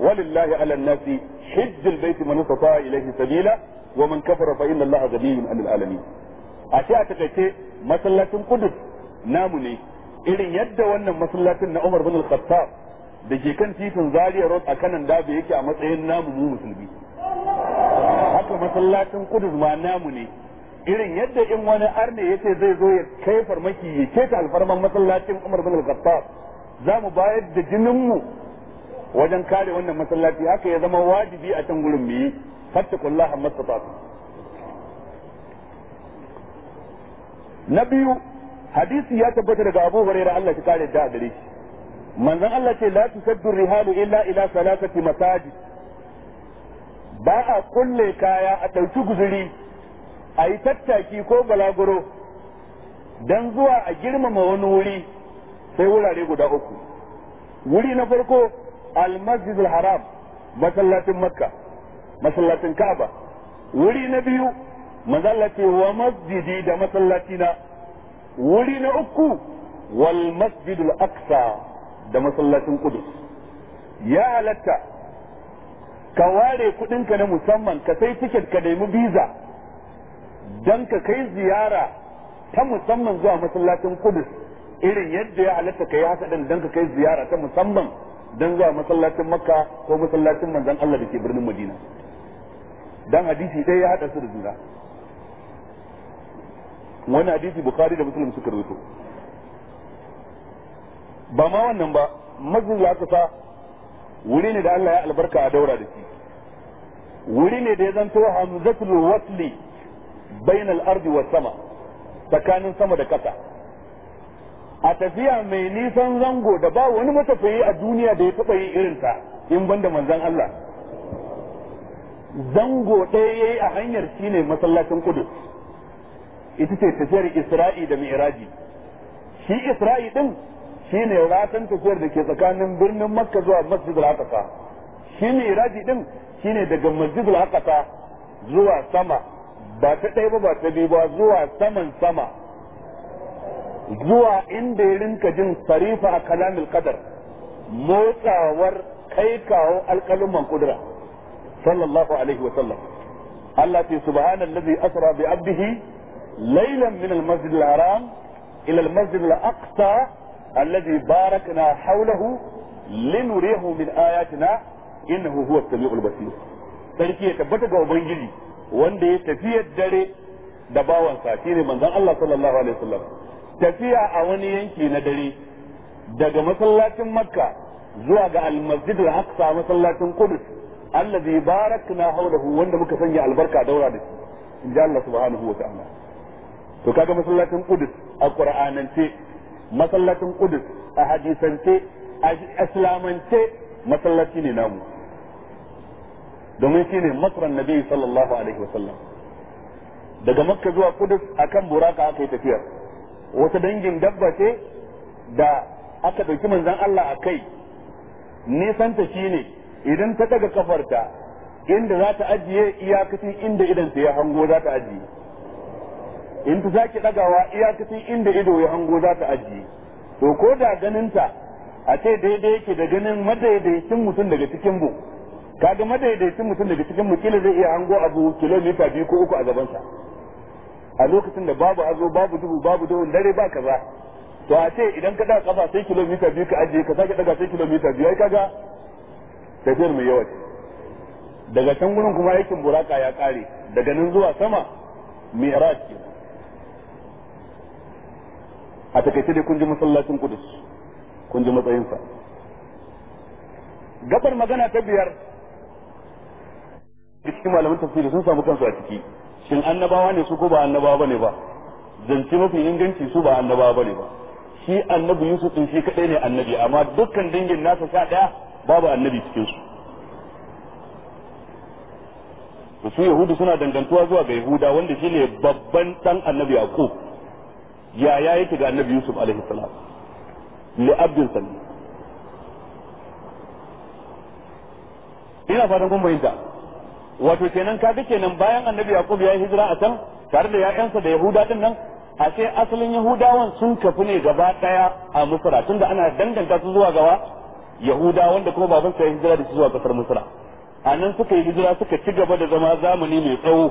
walillahi ala an-nasi hajjul baiti man istata ilayhi sabila wa man kafara fa inna allaha ghaniyyun 'anil a ce a takaice masallacin kudus namu ne irin yadda wannan masallacin na Umar bin Al-Khattab da ke kan titin Zaria Road a kanan dabe yake a matsayin namu mu musulmi haka masallacin kudus ma namu ne irin yadda in wani arne ya ce zai zo ya kai farmaki ya keta alfarman masallacin umar bin al-khattab za mu bayar da jininmu wajen kare wannan masallaci haka ya zama wajibi a can gurin mu yi fattakullaha mastata na biyu hadisi ya tabbata daga Abu Hurairah Allah ya kare da gare shi manzon Allah ce la tusaddu rihalu illa ila salasati masajid ba a kulle kaya a dauki guzuri a yi tattaki ko balaguro don zuwa a girmama wani wuri sai wurare guda uku wuri na farko almasjidul haram masallacin makka masallacin ka'aba wuri na biyu masallaci wa masjidi da masallaci na wuri na uku wal masjidul aqsa da masallacin kudus ya halatta ka ware kudinka na musamman ka sai ticket ka nemi biza don ka kai ziyara ta musamman zuwa masallacin kudus irin yadda ya halatta kai yi haka din don ka kai ziyara ta musamman don zuwa masallacin makka ko masallacin manzon Allah da ke birnin madina dan hadisi ɗaya ya haɗa su da juna wani hadisi bukhari da muslim suka rubuto ba ma wannan ba mazin ya kusa wuri ne da Allah ya albarka a daura da shi wuri ne da ya zanto hamzatul wasli bainal ardi wa sama tsakanin sama da ƙasa a tafiya mai nisan zango da ba wani matafiyi a duniya da ya taɓa yin ta in banda manzan Allah zango ɗaya yayi a hanyar shine masallacin kudu ita ce tafiyar Isra'i da Mi'raji shi Isra'i din shine ratan tafiyar da ke tsakanin birnin Makka zuwa Masjid al-Aqsa shi Mi'raji din shine daga Masjid al-Aqsa zuwa sama ba ta ɗaya ba ba ta biyu ba zuwa saman sama zuwa inda ya rinka jin sarifa a kalamil kadar motsawar kai kawo alƙalin kudura sallallahu alaihi wa sallam Allah ce subhanallazi asra bi abdihi laylan min al-masjid al-haram ila al-masjid al-aqsa alladhi barakna hawlahu min ayatina innahu huwa as-sami'ul basir sarki ya tabbata ga ubangiji wanda ya tafiyar dare da bawansa shine manzon Allah sallallahu alaihi wasallam tafiya a wani yanki na dare daga masallacin makka zuwa ga almasjid al-aqsa masallacin qudus allazi barakna hawlahu wanda muka sanya albarka daura da shi inji Allah subhanahu wa ta'ala to kaga masallacin qudus a qur'anance masallacin qudus a hadisance a islamance masallaci ne namu domin shine na nabi sallallahu alaihi wasallam daga makka zuwa kudus kan buraka aka yi tafiyar wata dangin dabba ce da aka ɗauki manzan Allah a kai nisanta ne idan ta daga kafarta inda za ta ajiye iyakacin inda idan ta ya hango za ta ajiye in ta ki dagawa iyakacin inda ido ya hango za ta ajiye to ko da ganinta a ce daidai yake da ganin madaidaicin mutum daga cikin mu kaga madaidaicin mutum daga cikin mu kila zai iya hango abu kilomita biyu ko uku a gabansa a lokacin da babu azo babu dubu babu dubu dare ba kaza to a ce idan ka daga kafa sai kilomita biyu ka ajiye ka sake daga sai kilomita biyu ai kaga tafiyar mai yawa daga can gurin kuma aikin buraka ya kare daga nan zuwa sama mi'raj kenan a takaice dai kun ji masallacin kudus kun ji matsayinsa gabar magana ta biyar cikin malamin tafsiri sun samu kansu a ciki shin annabawa ne su ko ba annabawa bane ba zance mafi inganci su ba annabawa bane ba shi annabi Yusuf din shi kadai ne annabi amma dukkan dangin nasa sha daya babu annabi cikin su su yahudu suna dangantuwa zuwa ga yahuda wanda shine babban dan annabi yaqub ya yake ga annabi Yusuf alaihi salam li abdin sallam ina fatan kun bayyana wato kenan ga kenan bayan annabi yaqub ya hijira a can tare da ya'yansa da yahuda din nan a sai asalin yahudawan sun tafi ne gaba daya a misra tunda ana danganta su zuwa gawa yahuda wanda kuma baban sa ya hijira da su zuwa kasar misra a nan suka yi hijira suka ci gaba da zama zamani mai tsawo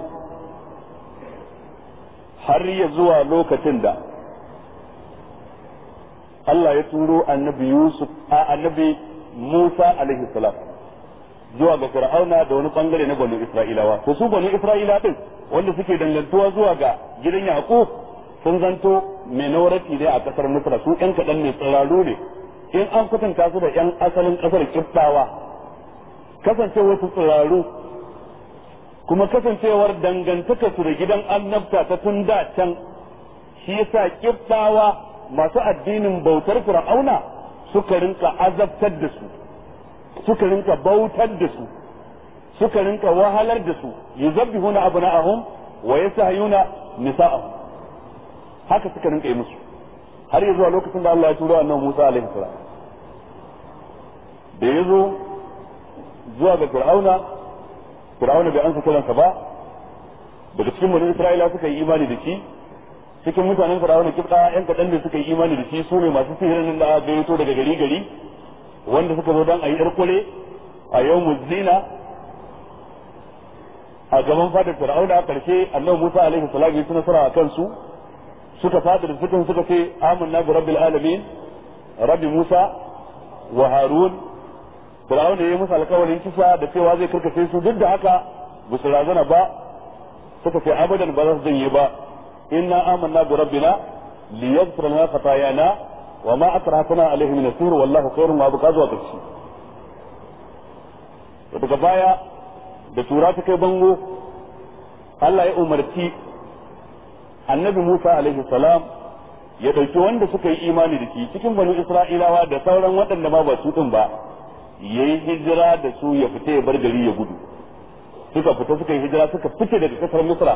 har ya zuwa lokacin da Allah ya turo annabi Yusuf a annabi Musa alaihi salam zuwa ga fir'auna da wani bangare na banu isra'ilawa to su banu isra'ila din wanda suke dangantuwa zuwa ga gidan yaqub sun zanto mai nawarati ne a kasar misra su yan kadan ne tsirarru ne in an kwatanta su da yan asalin kasar kiftawa kasancewar su tsirarru kuma kasancewar dangantaka su da gidan annabta ta tun da can shi yasa kiftawa masu addinin bautar fir'auna suka rinka azabtar da su suka rinka bautar da su suka rinka wahalar da su na abna'ahum wa yasahyuna nisa'ahum haka suka rinka yi musu har yanzu a lokacin da Allah ya turo annabi Musa alaihi salam da zo zuwa ga Fir'auna Fir'auna bai ansa kiransa ba daga cikin mutanen Isra'ila suka yi imani da shi cikin mutanen Fir'auna kibda ƴan kadan da suka yi imani da shi su ne masu sihirin da bai to daga gari gari wanda suka zo don a yi irkule a yau muzina a gaban fadar fir'auna a karshe annabi Musa alaihi salatu ya nasara a kansu suka fadar cikin suka ce amanna bi rabbil alamin rabbi Musa wa Harun fir'auna ya yi musu alkawarin kisa da cewa zai karkace su duk da haka ba su razana ba suka ce abadan ba za su janye ba inna amanna bi rabbina liyaghfir lana khatayana wa ma akrahakuma alaihi min sur wallahu khairun wa abqa zuwa gaci daga baya da tura ta kai bango Allah ya umarci annabi Musa alaihi ya ɗauki wanda suka yi imani da shi cikin bani Isra'ilawa da sauran waɗanda ma ba su din ba yayi hijira da su ya fita ya bar gari ya gudu suka fita suka yi hijira suka fice daga ƙasar Misra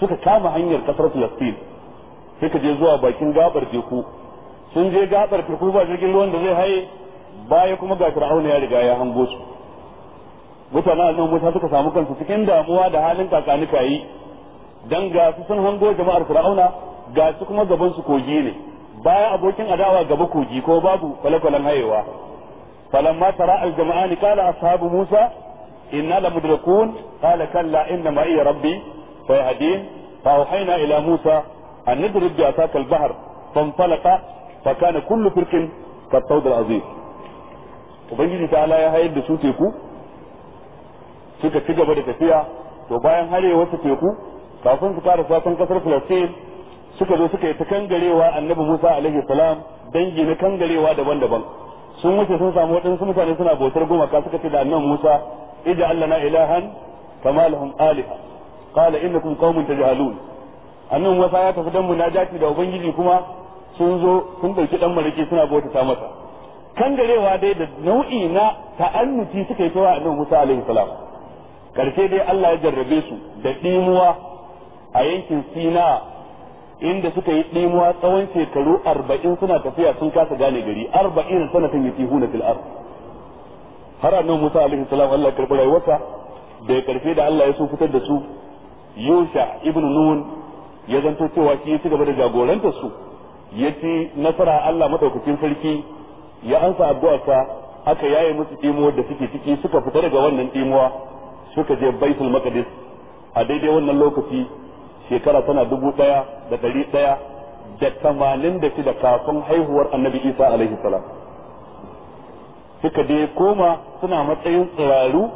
suka kama hanyar ƙasar Filistin suka je zuwa bakin gabar teku sun je gabar teku ba jirgin ruwan da zai haye baya kuma ga fir'auna ya riga ya hango su mutanen annabi Musa suka samu kansu cikin damuwa da halin kakani yi dan ga su sun hango jama'ar fir'auna ga su kuma gaban su kogi ne bayan abokin adawa gaba kogi ko babu kwale-kwalen hayewa falamma tara al-jama'ani qala ashabu Musa inna lamudrakun qala kalla inna ma iya rabbi fayahdin fa haina ila Musa an nadrib bi asaka al-bahr Fakana kana kullu firkin ka tawd azim ubangiji ta ala ya hayar da su teku suka ci gaba da tafiya to bayan hare wasu teku kafin su fara safan kasar Filistin suka zo suka yi ta kangarewa annabi Musa alaihi salam dangi na kangarewa daban-daban sun wuce sun samu waɗansu mutane suna bautar gumaka suka ce da annabi Musa idda allana ilahan kama lahum aliha qala innakum qaumun tajhalun annabi Musa ya tafi dan munajati da ubangiji kuma sun zo sun ɗauki ɗan mariki suna bautata masa kangarewa dai da nau'i na ta'annuci suka yi a nan Musa alaihi salam karshe dai Allah ya jarrabe su da ɗimuwa a yankin Sina inda suka yi ɗimuwa tsawon shekaru arba'in suna tafiya sun kasa gane gari arba'in sanatan yatihuna fil ard har annabi Musa alaihi salam Allah ya karɓi rayuwarsa da karfe da Allah ya so fitar da su Yusha ibn Nun ya zanto cewa shi ya ci gaba da jagorantar su yaci nasara Allah madaukakin sarki ya ansa addu'arsa aka yaye musu timo da suke ciki suka fita daga wannan timuwa suka je baitul maqdis a daidai wannan lokaci shekara tana dubu daya da dari daya da tamanin da shida kafin haihuwar annabi isa alaihi salam suka je koma suna matsayin tsiraru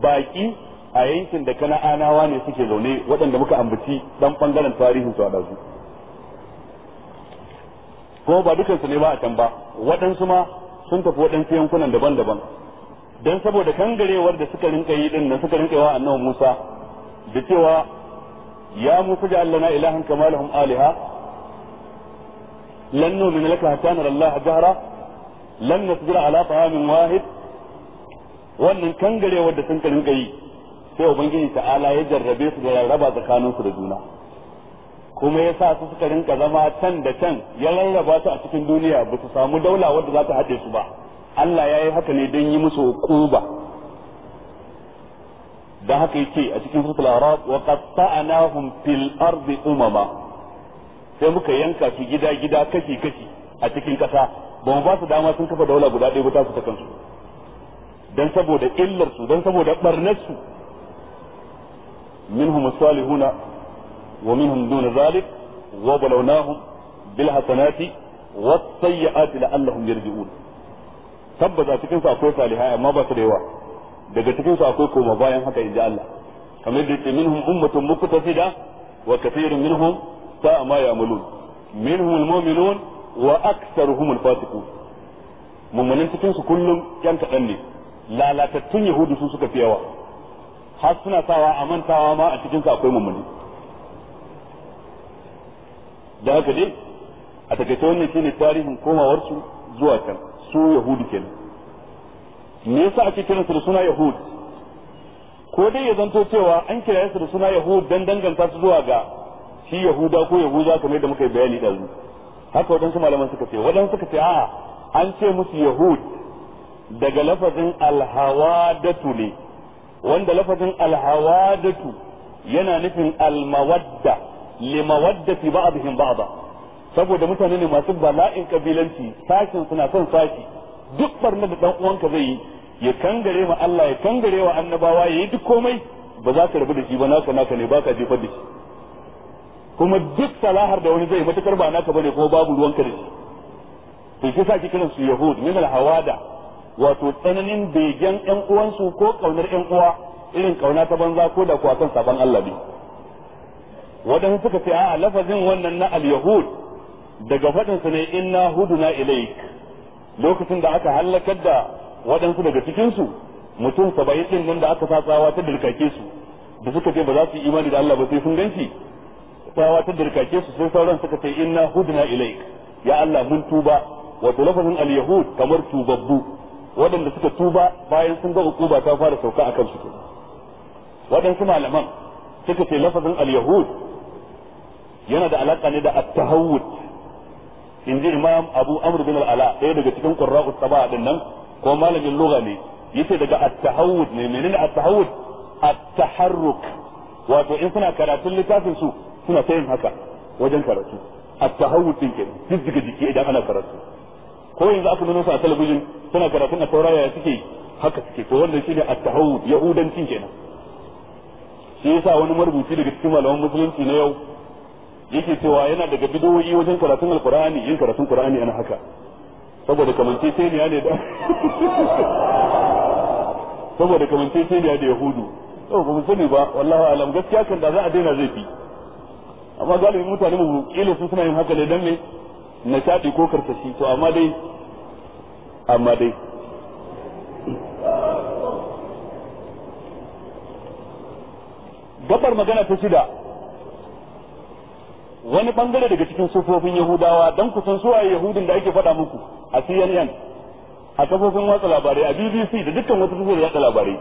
baki a yankin da kana'anawa ne suke zaune waɗanda muka ambaci ɗan ɓangaren tarihin su a dazu kuma ba dukan su ne ba a can ba waɗansu ma sun tafi waɗansu yankunan daban-daban don saboda kangarewar da suka rinka yi din nan suka rinka wa annabi Musa da cewa ya musu ja Allah na ilahan kama lahum aliha lan nu'minu laka hatta nara Allah jahra lan nasbira ala ta'amin wahid wannan kangarewar da sun rinka yi sai ubangiji ta'ala ya jarrabe su da rarraba tsakaninsu da juna kuma ya sa su suka rinka zama can da can ya rarraba su a cikin duniya ba su samu daula wadda za ta haɗe su ba Allah ya yi haka ne don yi musu kuba da haka yake a cikin suratul arab wa na fil ardi umama sai muka yanka su gida gida kashi kashi a cikin kasa ba mu ba su dama sun kafa daula guda ɗaya ba ta su ta kansu dan saboda illar su dan saboda barnar su minhum salihuna ومنهم دون ذلك وبلوناهم بالحسنات والسيئات لعلهم يرجعون tabbata a cikinsu akwai salihai amma ba su da yawa daga cikinsu akwai koma bayan haka inji Allah kamar da yake minhum ummatun muqtasida wa kathirun minhum sa'a ma ya'malun minhum almu'minun wa aktharuhum alfasiqun mu'minin cikin su kullum yan kadan ne lalatattun yahudu su suka fi yawa har suna sawa a mantawa ma a cikinsu akwai mu'mini da haka dai a takaita wannan shine tarihin komawar su zuwa kan su yahudi kenan me yasa ake su da suna yahud ko dai ya zanto cewa an kira su da suna yahud dan danganta su zuwa ga shi yahuda ko yahuda kamar da muka yi bayani da haka waɗansu malaman suka ce waɗansu suka ce a'a an ce musu yahud daga lafazin alhawadatu ne wanda lafazin alhawadatu yana nufin almawadda limawaddati ba'dihim ba'da saboda mutane ne masu bala'in kabilanci sashin suna son saki duk barnar da dan uwanka zai yi ya kangare ma Allah ya kangare wa annabawa ya yi duk komai ba za ka rabu da shi ba naka naka ne baka jefar da kuma duk salahar da wani zai matakar ba naka bane kuma babu ruwan ka shi to shi sa kiran su yahud min alhawada wato tsananin begen yan uwansu ko kaunar yan uwa irin kauna ta banza ko da kuwa kan saban Allah ne wadansu suka ce a lafazin wannan na al-yahud daga faɗin su ne inna huduna ilaik lokacin da aka halakar da wadansu daga cikinsu mutum saba'in ɗin nan da aka sa tsawa ta dirkake su da suka ce ba za su yi imani da Allah ba sai sun ganci tsawa ta dirkake su sai sauran suka ce inna huduna ilaik ya Allah mun tuba wato lafazin al-yahud kamar tubabbu waɗanda suka tuba bayan sun ga ukuba ta fara sauka akan su waɗansu malaman suka ce lafazin al-yahud yana da alaka ne da at tahawwud in imam abu amr bin al-ala ɗaya daga cikin qurra'u saba din nan ko malamin lugha ne yace daga at tahawwud ne menene at tahawwud at-taharruk wato in suna karatun littafin su suna ta yin haka wajen karatu at tahawwud din kenan jijjiga jiki idan ana karatu ko yanzu aka nuna su a talabijin suna karatun a tauraya suke haka suke to wannan shine at tahawwud yahudancin kenan shi yasa wani marubuci daga cikin malaman musulunci na yau yake cewa yana daga bidoyi wajen karatun alkur'ani yin karatun qur'ani ana haka saboda kamance sai ne ne da saboda kamance sai ne da yahudu to ba mu sani ba wallahi alam gaskiya kan da za a daina zai fi amma galibi mutane mu kila su suna yin haka ne dan me nishadi ko karsashi to amma dai amma dai gabar magana ta shida wani bangare daga cikin sufofin yahudawa dan ku san suwaye yahudin da ake faɗa muku a CNN a kafofin watsa labarai a BBC da dukkan wasu kafofin watsa labarai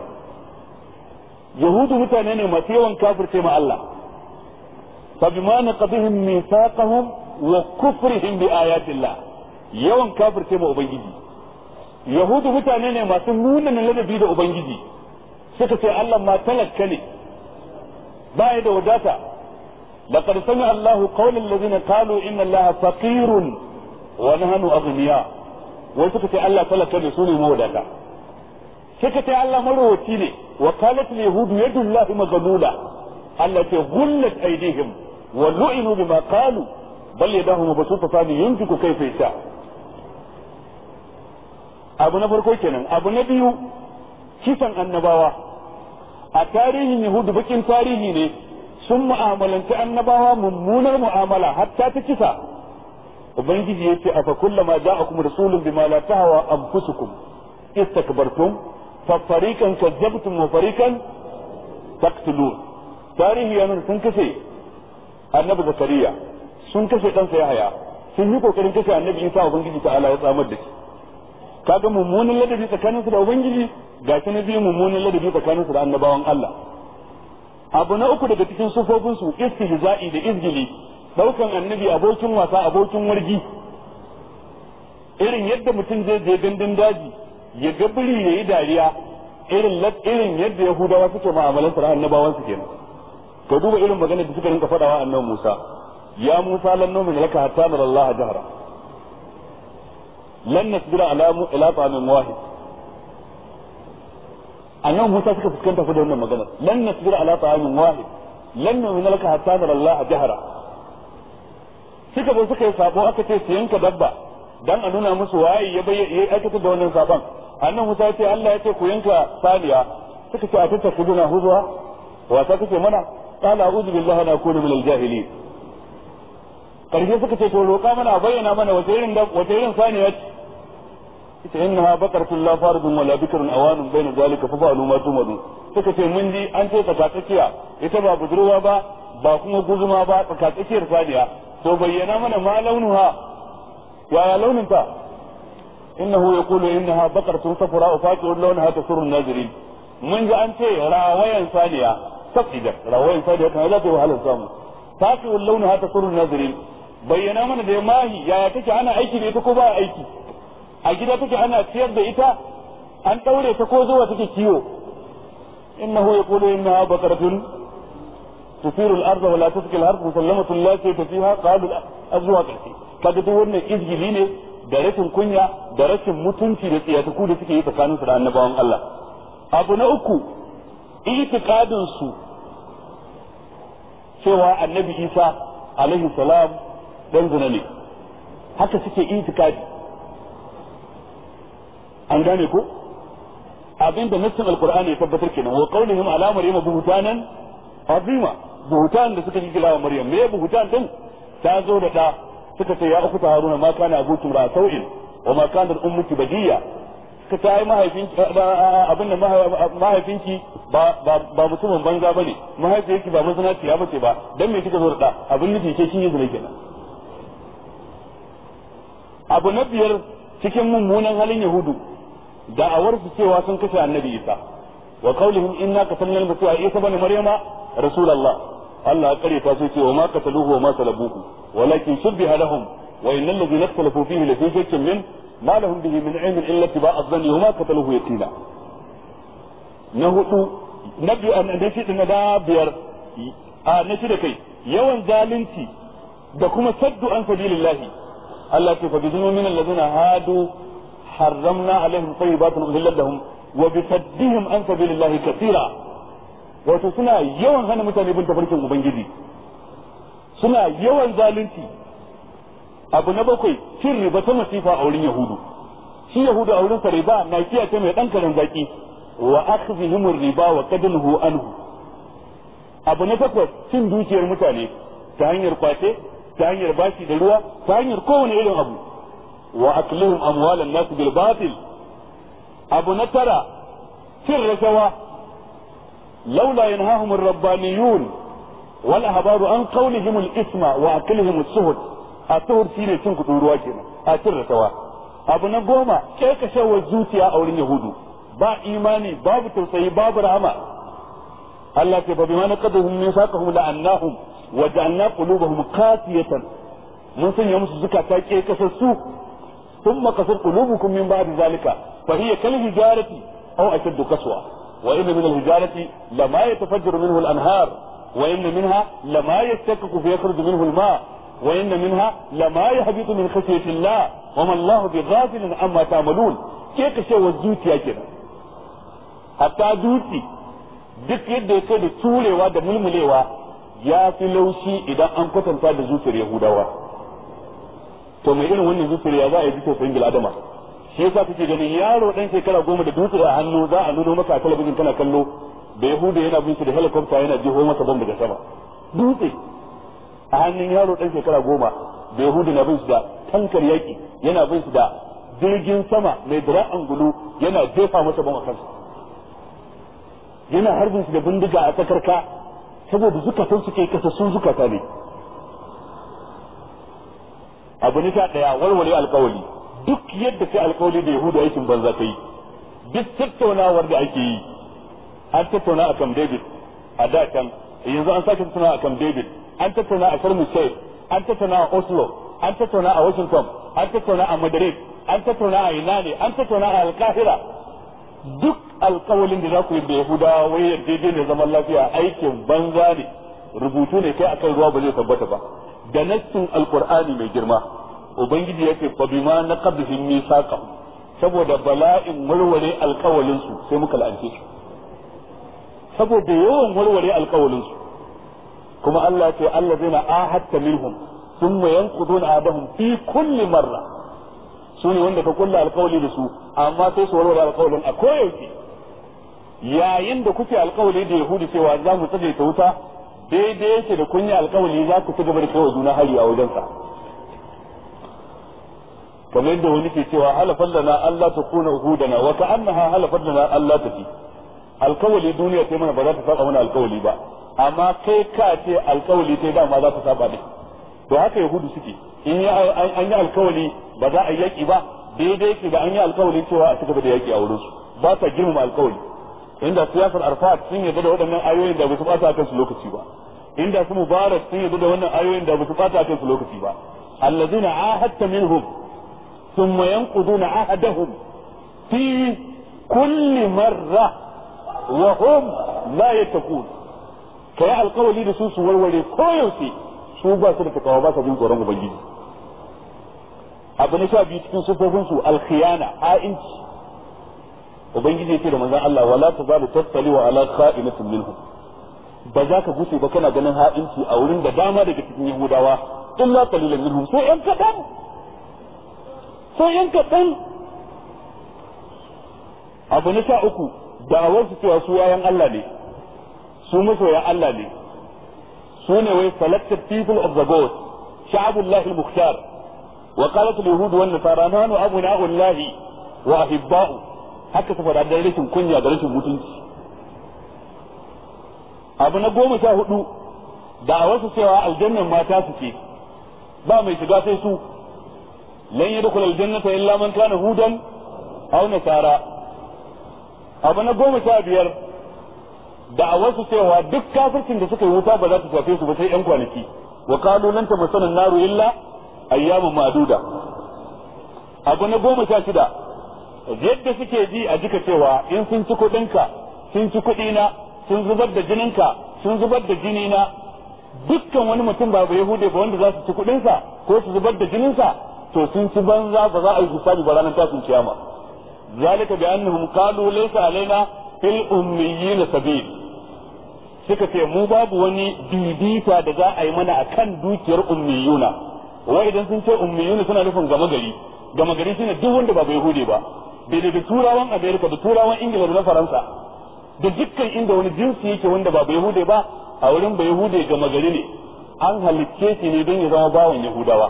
yahudu mutane ne masu yawan kafirce ma Allah fa bima naqdihim mithaqahum wa kufrihim bi ayatillah yawan kafirce ma ubangiji yahudu mutane ne masu munanan ladabi da ubangiji suka ce Allah ma talakka ne ba da wadata لقد سمع الله قول الذين قالوا إن الله فقير ونحن أغنياء وسكت الله فلك رسول مودك سكت الله مروتيني وقالت اليهود يد الله مغلولة التي غلت أيديهم ولعنوا بما قالوا بل يداه مبسوطتان ينفق كيف يشاء abu na farko kenan abu na biyu kisan annabawa a tarihin yahudu bakin tarihi ne sun mu'amalanci annabawa mummunar mu'amala hatta ta kisa ubangiji ya yace afa kullama ja'akum rasulun bima la tahwa anfusukum istakbartum fa fariqan kazzabtum wa fariqan taqtulun tarihi ya nuna sun kashe annabi zakariya sun kashe ya haya, sun yi kokarin kashe annabi isa ubangiji ta'ala ya tsamar da shi kaga mummunan ladabi tsakaninsu da ubangiji ga shi na biyu mummunan ladabi tsakaninsu da annabawan Allah abu na uku daga cikin sufofin su istihza'i da izgili daukan annabi abokin wasa abokin wargi irin yadda mutum zai je gandun daji ya ga biri yayi dariya irin irin yadda yahudawa suke mu'amalantar annabawan su kenan ka duba irin magana da suka rinka fadawa annabi Musa ya Musa lan nu'min laka hatta nara Allah jahra lan nasbira ala ala min wahid annabi Musa suka fuskanta fa da wannan magana lan nasbir ala ta'amin wahid lan nu'mina laka hatta nara Allah jahara suka zo suka yi sabo aka ce su yanka dabba dan a nuna musu waye ya bayyana ya aikata da wannan sabon annabi Musa ya ce Allah ya ce ku yanka saniya suka ce a tattaku duna huzwa wasa kake mana قال أعوذ بالله أن أكون من الجاهلين karshe suka ce to roƙa mana bayyana mana wace irin wace irin saniya ce ita innaha baqaratun la faridun wala bikrun awanun bayna zalika fa fa'alu ma tumadu suka ce mun ji an ce tsakatsakiya ita ba budurwa ba ba kuma guzuma ba tsakatsakiyar saniya to bayyana mana ma launuha ya launin ta innahu yaqulu innaha baqaratun safra faqi'un launaha tasurru an-nazirin mun ji an ce rawayan saniya tafida rawayan saniya kan zata wahalar samu faqi'un launaha tasurru an bayyana mana da mahi yaya take ana aiki da ita ko ba aiki a gida take ana ciyar da ita an ɗaure ta ko zuwa take kiwo innahu yaqulu innaha baqaratun tusiru al-ardh wa la tusqi al-ardh musallamatun la shayka fiha kaga duk wannan izgili ne da rashin kunya da rashin mutunci da tsiyataku da suke yi tsakanin su da annabawan Allah abu na uku itikadin su cewa annabi Isa alaihi salam dan ne haka suke itikadi an gane ko abin da nassin alqur'ani ya tabbatar kenan wa qaulihim ala maryama buhtanan azima buhtan da suka kike lawa maryam me buhtan din ta zo da ta suka ce ya ukuta haruna ma kana abuki ra sau'in wa ma kana ummuki badiya suka ta ai mahaifinki abin da mahaifinki ba ba mutumin banza bane mahaifinki ba mazinaciya bace ba don me kika zo da ta abin nufi ke kin yi zina kenan abu na biyar cikin mummunan halin yahudu da'awar su cewa sun kashe annabi isa wa qawlihim inna qatalna al-masiha isa ibn maryama rasulullah Allah ya kare ta su cewa ma qataluhu wa ma salabuhu walakin shubbiha lahum wa innal ladhina ikhtalafu fihi lafi shakkin min ma lahum bihi min ilmin illa ittiba'a dhanni wa ma qataluhu yatina na hudu na biyu na shi da biyar a na shi da kai yawan zalunci da kuma saddu an sabilillahi Allah ce fa bi zunumin allazina hadu حرمنا عليهم طيبات نحلت لهم وبصدهم عن سبيل الله كثيرا wato suna yawan hana mutane bin tafarkin ubangiji suna yawan zalunci abu na bakwai cin riba ta masifa a wurin yahudu shi yahudu a wurin riba na kiya ta mai dan karen zaki wa akhdhihim riba wa qadnuhu anhu abu na takwas cin dukiyar mutane ta hanyar kwace ta hanyar bashi da ruwa ta hanyar kowane irin abu واكلهم اموال الناس بالباطل ابو نترى في الرشوة لولا ينهاهم الربانيون والاهبار عن قولهم الاثم واكلهم السهد السهد في ليسن كتور واجنا اتر سوا ابو نغوما كيف شو الزوتيا او اليهود با ايماني باب توسعي باب رحمة الله كيف بما نقضهم ميثاقهم لعناهم وجعلنا قلوبهم قاسية من سن يوم سزكا تاكي كسسو ثم قصر قلوبكم من بعد ذلك فهي كالهجارة أو أشد قسوة وإن من الهجارة لما يتفجر منه الأنهار وإن منها لما يشتكك فيخرج منه الماء وإن منها لما يهبط من خشية الله وما الله بغافل عما تعملون كيف شوى الزوتي كده حتى زوتي دك يد ya تولي واد turewa ليوا يا ya fi اذا idan an kwatanta da zuciyar to mai irin wannan zuciya za a yi tausayin bil adama shi yasa kake ganin yaro dan shekara goma da dutse a hannu za a nuno maka talabijin tana kallo da yahuda yana bin da helicopter yana jiho masa ban daga sama dutse a hannun yaro dan shekara goma da yahuda na bin shi da tankar yaki yana bin da jirgin sama mai dara angulu yana jefa masa ban a kansa yana harbin shi da bindiga a tsakar saboda zukatan suke kasa sun zukata ne abu ne ta daya warware alkawali duk yadda sai alkawali da yahuda aikin banza ta yi duk tattaunawar da ake yi an tattauna akan david a da can yanzu an sake tattauna akan david an tattauna a sharmu an tattauna a oslo an tattauna a washington an tattauna a madrid an tattauna a ina ne an tattauna a alkahira duk alkawalin da za ku yi da yahudawa wai yarjejeniyar zaman lafiya aikin banza ne rubutu ne kai akan ruwa ba zai tabbata ba da nassin alkur'ani mai girma ubangiji yake fa bima naqadhim misaqahum saboda bala'in warware alkawalin su sai muka la'ance su saboda yawan warware alkawalin su kuma Allah ce Allah zai na ahatta minhum thumma yanquduna adahum fi kulli marra su ne wanda ka kulla alkawali da su amma sai su warware alkawalin a koyaushe yayin da kuke alkawali da yahudi cewa za mu tsaje ta wuta daidai yake da kunya alkawali za ku ci gaba da kaiwa juna hari a wajensa kamar yadda wani ke cewa halafar da na Allah ta kuna wata an ha halafar da na Allah ta fi alkawali duniya yi mana ba za ta saba mana alkawali ba amma kai ka ce alkawali ta dama za ta saba ne to haka yahudu suke in yi an yi alkawali ba za a yi yaki ba daidai yake da an yi alkawali cewa a ci gaba da yaki a wurinsu ba ta girmama alkawali inda siyasar arfat sun yarda da waɗannan ayoyin da ba su bata kan su lokaci ba inda su mubarak sun yarda da wannan ayoyin da ba su bata kan su lokaci ba allazina ahadta minhum thumma yanquduna ahadahum fi kulli marra wa hum la yatakun kai alqawli da su su warware koyaushe su ba su da takawa ba su jin tsoron ubangiji abu na sha biyu cikin sufofin su alkhiyana ha'inci ubangiji ya ce da manzon Allah wala tazalu tattali wa ala kha'inatin minhum ba za ka gufe ba kana ganin ha'inci a wurin da dama daga cikin yahudawa illa qalilan minhum sai yan kadan sai yan kadan abu na sha uku da'awar su cewa su wayan Allah ne su masoyan Allah ne su ne wai selected people of the god sha'abullahi al-mukhtar wa qalat al-yahud an nasara nahnu abna'u allahi wa ahibba'u haka saboda dan rashin kunya da rashin mutunci abu na goma sha hudu da a wasu cewa aljannan mata su ce ba mai shiga sai su lan yadkhul aljannata illa man kana hudan aw nasara abu na goma sha biyar da a wasu cewa duk kafircin da suka yi wuta ba za su shafe su ba sai yan kwanaki wa qalu lan tamassana naru illa ayyaman ma'duda abu na goma sha shida yadda suke ji a jika cewa in sun ci kuɗinka sun ci kuɗina sun zubar da jininka sun zubar da jinina dukkan wani mutum ba ba yahude ba wanda za su ci kuɗinsa ko su zubar da jininsa to sun ci banza ba za a yi hisabi ba ranar tashin kiyama zalika bi annahum qalu laysa alaina fil ummiyin sabil suka ce mu babu wani bibita da za a yi mana akan dukiyar ummiyuna wai idan sun ce ummiyuna suna nufin gama gari gama gari shine duk wanda ba bai hude ba daidai da turawan amerika da turawan ingila da na faransa da dukkan inda wani jinsi yake wanda ba yahude ba a wurin ba yahude gama gari ne an halicce shi ne don ya zama bawan yahudawa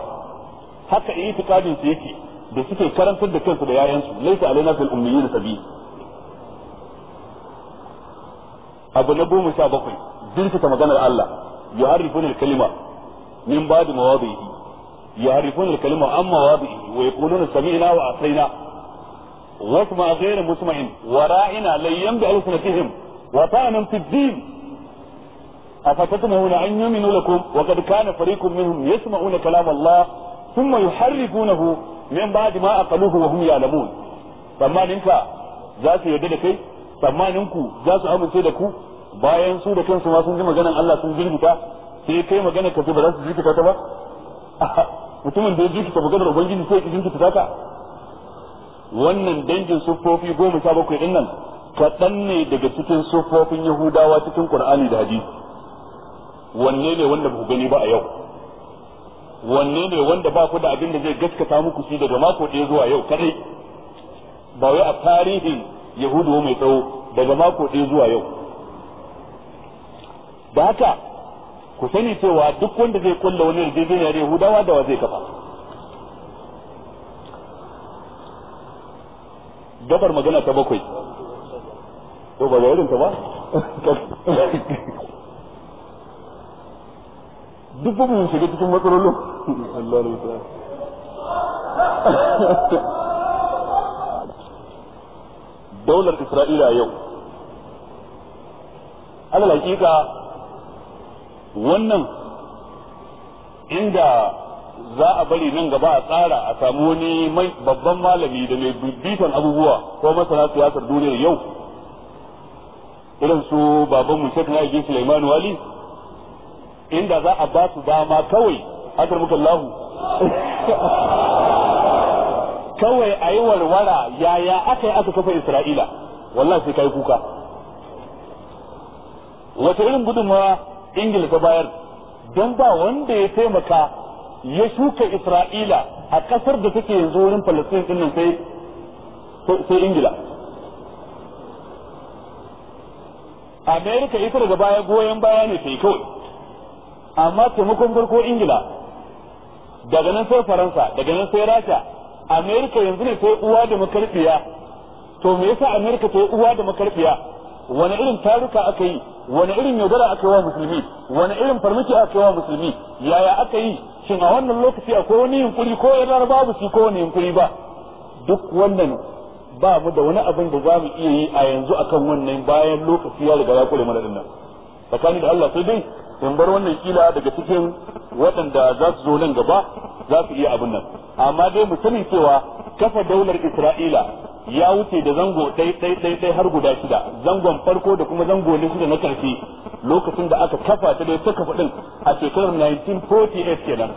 haka itikadin su yake da suke karantar da kansu da yayansu laifin alaina fil ummiyin sabi abu na goma sha bakwai jirkita maganar Allah yuharrifuna al-kalima min ba'di mawadihi yuharrifuna al-kalima bai yi wa yaquluna sami'na wa na. واسمع غير مسمع ورائنا ليم بألسنتهم وطعنا في الدين أفتتمعون أن يؤمنوا لكم وقد كان فريق منهم يسمعون كلام الله ثم يحرفونه من بعد ما أقلوه وهم يعلمون فما ننكا ذات يددك فما ننكو ذات أمن سيدكو bayan su da kansu ma sun ji maganan Allah sun jirgita sai kai magana ka ce ba za su jirgita ta ba mutumin da ya jirgita maganar ubangiji sai ya jirgita ta wannan dangin siffofi goma sha bakwai din nan kaɗan ne daga cikin siffofin yahudawa cikin qur'ani da hadisi wanne ne wanda ba ku gani ba a yau wanne ne wanda ba ku da abin da zai gaskata muku shi daga mako ɗaya zuwa yau kadai ba wai a tarihin yahudu mai tsawo daga mako ɗaya zuwa yau da haka ku sani cewa duk wanda zai kulla wani yarjejeniya da yahudawa da wa zai kafa gabar magana ta bakwai to ba irin ta ba duk bugun mu shiga cikin matsalolin Allah ne ta daular Isra'ila yau alal hakika wannan inda za a bari nan gaba a tsara a samu wani babban malami da mai bibitan abubuwa ko masana siyasar duniyar yau irin su baban mu Sheikh Nabi Sulaiman Wali inda za a ba su dama kawai akar muka lahu kawai a yi warwara yaya aka yi aka kafa Isra'ila wallahi sai kai kuka wata irin gudunmawa Ingila ta bayar don ba wanda ya taimaka ya shuka Isra'ila a kasar da take yanzu wurin Falastin din nan sai sai Ingila Amerika ita daga baya goyon baya ne sai kawai amma taimakon farko Ingila daga nan sai Faransa daga nan sai Rasha Amerika yanzu ne sai uwa da makarfiya to me yasa Amerika ta uwa da makarfiya wani irin taruka aka yi wani irin yaudara aka yi wa musulmi wani irin farmaki aka yi wa musulmi yaya aka yi shin a wannan lokaci akwai wani yunkuri ko ya babu shi ko wani yunkuri ba duk wannan ba mu da wani abin da za mu iya yi a yanzu akan wannan bayan lokaci ya riga ya kure mana dinnan tsakani da Allah sai dai in bar wannan kila daga cikin waɗanda za su zo nan gaba za su iya abin nan amma dai mu sani cewa kafa daular Isra'ila ya wuce da zango ɗai har guda shida zangon farko da kuma zango na shida na ƙarshe lokacin da aka kafa ta dai suka faɗin a shekarar 1948 kenan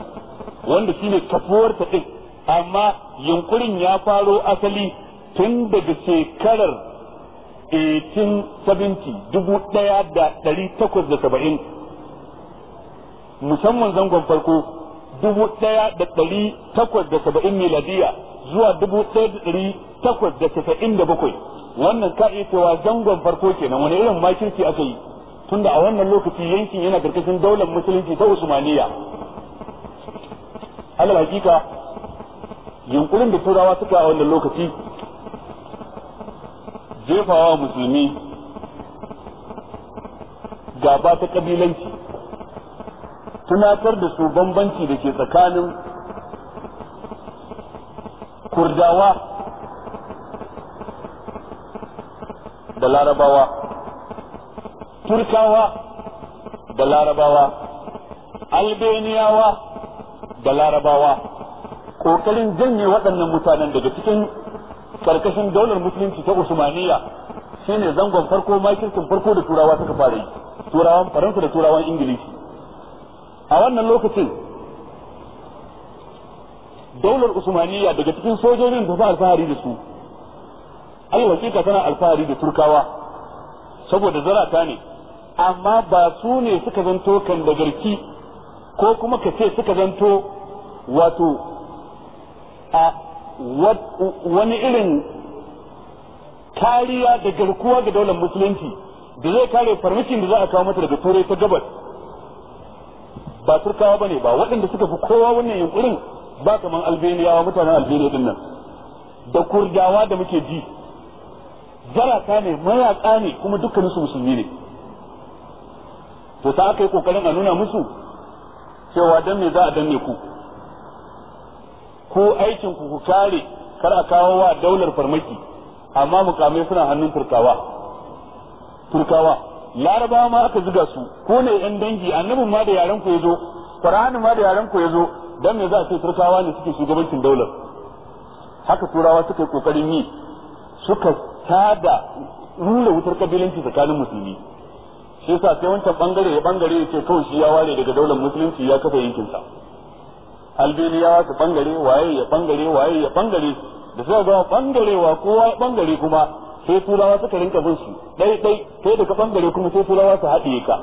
wanda shine kafuwar ta ɗin amma yunkurin ya faro asali tun daga shekarar 1870 dubu musamman zangon farko dubu ɗaya miladiya zuwa dubu ɗaya da ɗari takwas da casa'in da bakwai wannan ka iya cewa zangon farko kenan wani irin makirci aka yi tunda a wannan lokaci yankin yana karkashin daular musulunci ta usmaniya alal hakika yunkurin da turawa suka a wannan lokaci jefawa musulmi gaba ta kabilanci tunatar da su bambanci da ke tsakanin kurdawa da larabawa turkawa da larabawa albaniyawa da larabawa ƙoƙarin janye waɗannan mutanen daga cikin ƙarƙashin daular musulunci ta usmaniya shine zangon farko makirkin farko da turawa suka fara yi turawan faransa da turawan ingilishi a wannan lokacin daular Usmaniyya daga cikin sojojin da ba alfahari da su ai hakika tana alfahari da turkawa saboda zarata ne amma ba su ne suka zanto kan da garki ko kuma ka ce suka zanto wato a wani irin kariya da garkuwa ga daular musulunci da zai kare farmakin da za a kawo mata daga turai ta gabas ba turkawa ba ne ba waɗanda suka fi kowa wannan yunkurin ba kaman albeniyawa mutanen albeniya din nan da kurdawa da muke ji zarata ne mayaka ne kuma dukkanin su musulmi ne to ta aka yi kokarin a nuna musu cewa dan me za a danne ku ko aikin ku ku kare kar a kawo wa daular farmaki amma mukamai suna hannun turkawa turkawa larabawa ma aka ziga su ko ne yan dangi annabin ma da yaran ku yazo qur'ani ma da yaren ku yazo dan me za a ce turkawa ne suke shugabancin daular haka turawa suka yi kokarin yi suka tada nuna wutar kabilanci tsakanin musulmi shi yasa sai wancan bangare ya bangare ya ce kawai shi ya ware daga daular musulunci ya kafa yankinsa albaniyawa su bangare waye ya bangare waye ya bangare da suka ga bangarewa kowa ya bangare kuma sai turawa suka rinka bin su dai dai sai daga bangare kuma sai turawa su haɗiye ka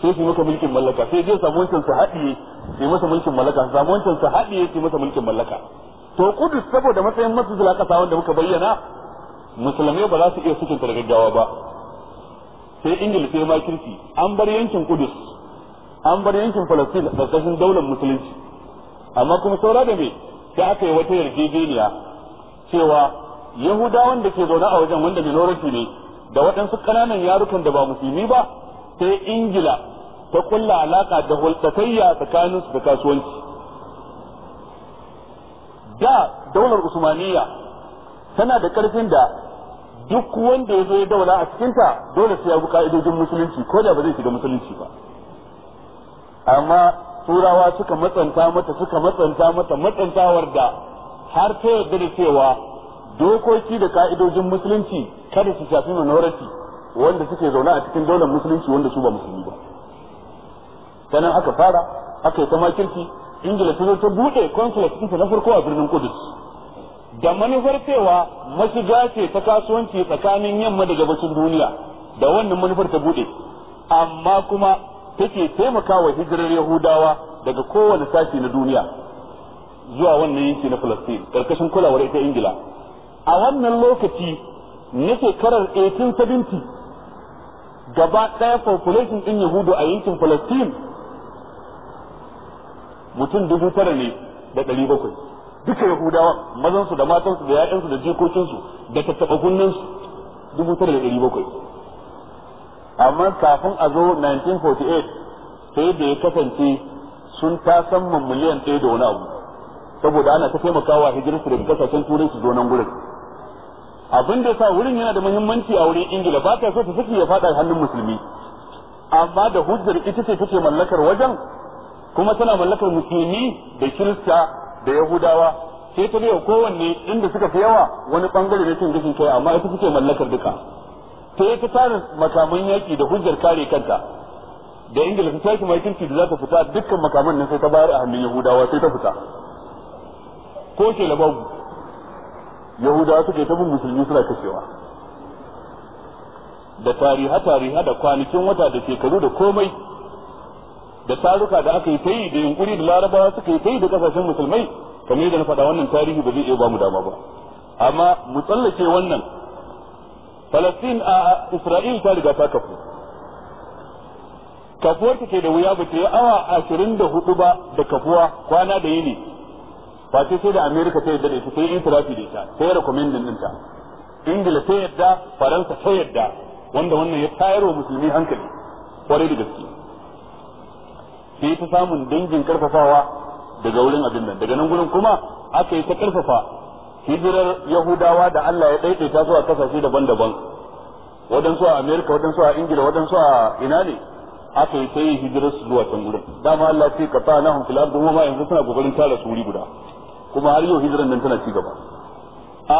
sai su masa mulkin mallaka sai je samu wancan su haɗiye sai masa mulkin mallaka samu wancan su haɗiye sai masa mulkin mallaka to kudus saboda matsayin zula ƙasa wanda muka bayyana musulmai ba za su iya sukin gaggawa ba sai ingila sai ma kirki an bar yankin kudus an bar yankin falastin ƙarƙashin daular musulunci amma kuma saura da me sai aka yi wata yarjejeniya cewa yahudawan da ke zaune a wajen wanda minority ne da waɗansu ƙananan yarukan da ba musulmi ba sai ingila ta kulla alaka da hulɗatayya tsakanin su da kasuwanci da daular usmaniyya tana da ƙarfin da duk wanda ya zo ya daula a cikinta dole sai ya bi ka'idojin musulunci ko da ba zai shiga musulunci ba amma turawa suka matsanta mata suka matsanta mata matsantawar da har ta yarda da cewa dokoki da ka'idojin musulunci kada su shafi manorati wanda suke zaune a cikin daular musulunci wanda su ba musulmi ba sanan aka fara aka yi ta kirki. ingila ta zo ta buɗe consulate ɗinta na farko a birnin kudus da manufar cewa mashiga ce ta kasuwanci tsakanin yamma da gabashin duniya da wannan manufar ta buɗe amma kuma take taimakawa hijirar yahudawa daga kowane sashi na duniya zuwa wannan yanki na Falastin karkashin kulawar ita Ingila a wannan lokaci na shekarar 1870 gaba ɗaya population ɗin yahudu a yankin palestine mutum dubu tara ne da ɗari bakwai duka yahudawa mazansu da matansu da ya'yansu da jikokinsu da tattaɓa kunninsu dubu tara da ɗari bakwai amma kafin a zo 1948 sai da ya kasance sun samman miliyan ɗaya da wani abu saboda ana ta taimakawa hijirarsu daga kasashen turai su zo nan gurin abin da sa wurin yana da muhimmanci a wurin ingila ba ta so ta saki ya fada hannun musulmi amma da hujjar ita ce take mallakar wajen kuma tana mallakar musulmi da kirista da yahudawa sai ta biya kowanne inda suka fi yawa wani bangare ne cin gashin kai amma ita take mallakar duka sai ta tara makaman yaki da hujjar kare kanta da ingila ta tashi kirki da za ta fita dukkan makaman nan sai ta bayar a hannun yahudawa sai ta fita ko ke babu yahudawa suka yi ta bin musulmi suna kashewa da tariha tariha da kwanakin wata da shekaru da komai da taruka da aka yi ta yi da yunkuri da larabawa suka yi ta yi da kasashen musulmai kamar yadda na faɗa wannan tarihi ba zai iya ba mu dama ba amma mu tsallake wannan falastin a isra'il ta riga ta kafu kafuwar take da wuya ba ta yi awa ashirin da hudu ba da kafuwa kwana da yini ba sai da america ta yadda da ita sai itirafi da ita sai recommending din ingila ta yadda faransa ta yadda wanda wannan ya tayar wa musulmi hankali kwarai da gaske sai ta samun dangin karfafawa daga wurin abin nan daga nan gurin kuma aka yi ta karfafa hijirar yahudawa da Allah ya daidaita su a kasashe daban-daban waɗansu a amerika waɗansu a ingila waɗansu a ina ne aka yi ta yi hijirar su zuwa can gurin dama Allah ce ka ta nahun fil ardi yanzu suna kokarin tara su wuri guda kuma har yau hijiran nan tana cigaba a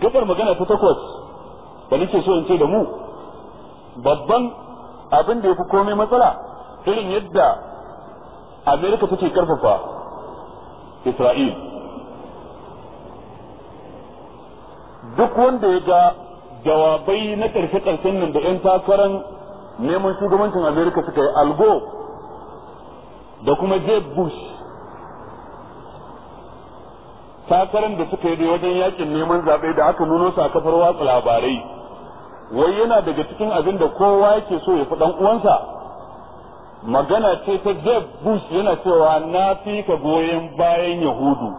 gabar magana ta takwas da nake so in ce da mu babban abin da ya fi komai matsala irin yadda amerika take karfafa isra'il duk wanda ya ga jawabai na karshe karshen nan da 'yan takarar neman shugabancin amerika suka yi algo da kuma jeb bush takarar da suka yi wajen yakin neman zaɓe da aka nuno su a kafar watsa labarai wai yana daga cikin abin da kowa yake so ya fi ɗan uwansa magana ce ta Jeb Bush yana cewa na fi ka goyon bayan Yahudu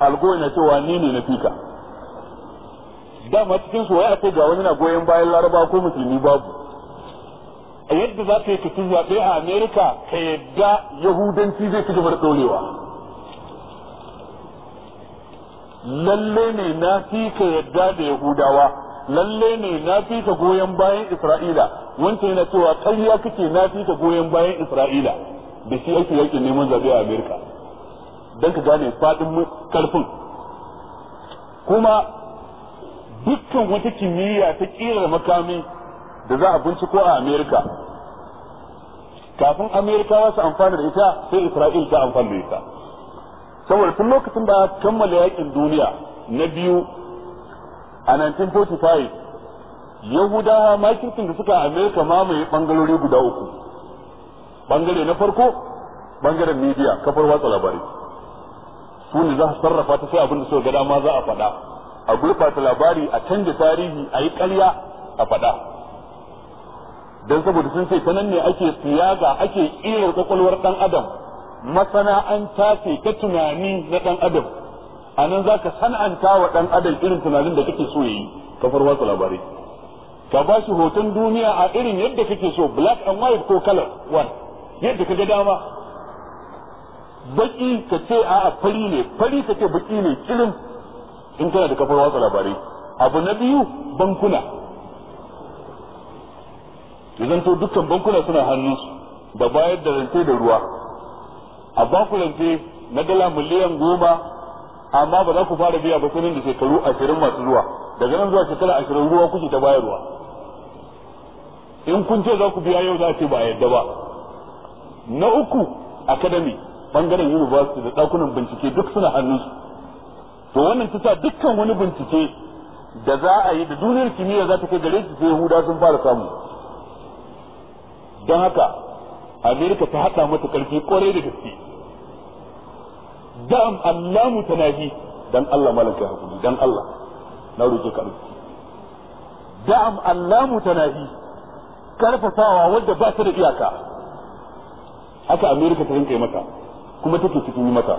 algo yana cewa ni ne na fi ka dama cikin su wai akwai ga wani na goyon bayan Laraba ko musulmi babu A yadda za ka yi ka zaɓe a Amerika ka yadda Yahudanci zai fi gaba da ɗorewa. lalle ne na fi ka yadda da yahudawa lalle ne na fi ka goyon bayan isra'ila wancan yana cewa ƙarya kake na fi ka goyon bayan isra'ila da shi yake yake neman zaɓe a amerika don ka gane faɗin karfin kuma dukkan wata kimiyya ta kirar makami da za a binciko a amerika kafin amerikawa su amfana da ita sai isra'il ta amfana da ita saboda tun lokacin da kammala yakin duniya na biyu a 1945 yahudawa makirkin da suka amerika mamaye bangarori guda uku bangare na farko bangaren media kafar watsa labarai su ne za su sarrafa ta sai abin da suka ga dama za a faɗa a ta labari a canja tarihi a yi ƙarya a faɗa don saboda sun ce ta nan ne ake siyaga ake ƙirar kwakwalwar ɗan adam masana'anta ce ta tunani na ɗan adam a nan za ka san'anta wa ɗan adam irin tunanin da kake so yi kafar watsa labarai ka ba shi hoton duniya a irin yadda kake so black and white ko color one yadda ka ga dama baki ka ce a fari ne fari ka ce baki ne kirin in kana da kafar watsa labarai abu na biyu bankuna ya to dukkan bankuna suna hannu da bayar da rance da ruwa a bakulance na dala miliyan goma amma ba za ku fara biya ba kunin da shekaru ashirin masu zuwa daga nan zuwa shekara ashirin ruwa kuke ta bayarwa in kun ce za ku biya yau za a ce ba yadda ba na uku academy bangaren university da dakunan bincike duk suna su to wannan ta sa dukkan wani bincike da za a yi da duniyar kimiyya za ta kai gare su sai huda sun fara samu don haka amerika ta haɗa mata ƙarfi kwarai da gaske da'am allamu tanaji dan Allah malaka hukumi dan Allah na roke ka dauki da'am allamu tanaji karfafawa wanda ba ta da iyaka haka America ta rinka yi mata kuma take cikin yi mata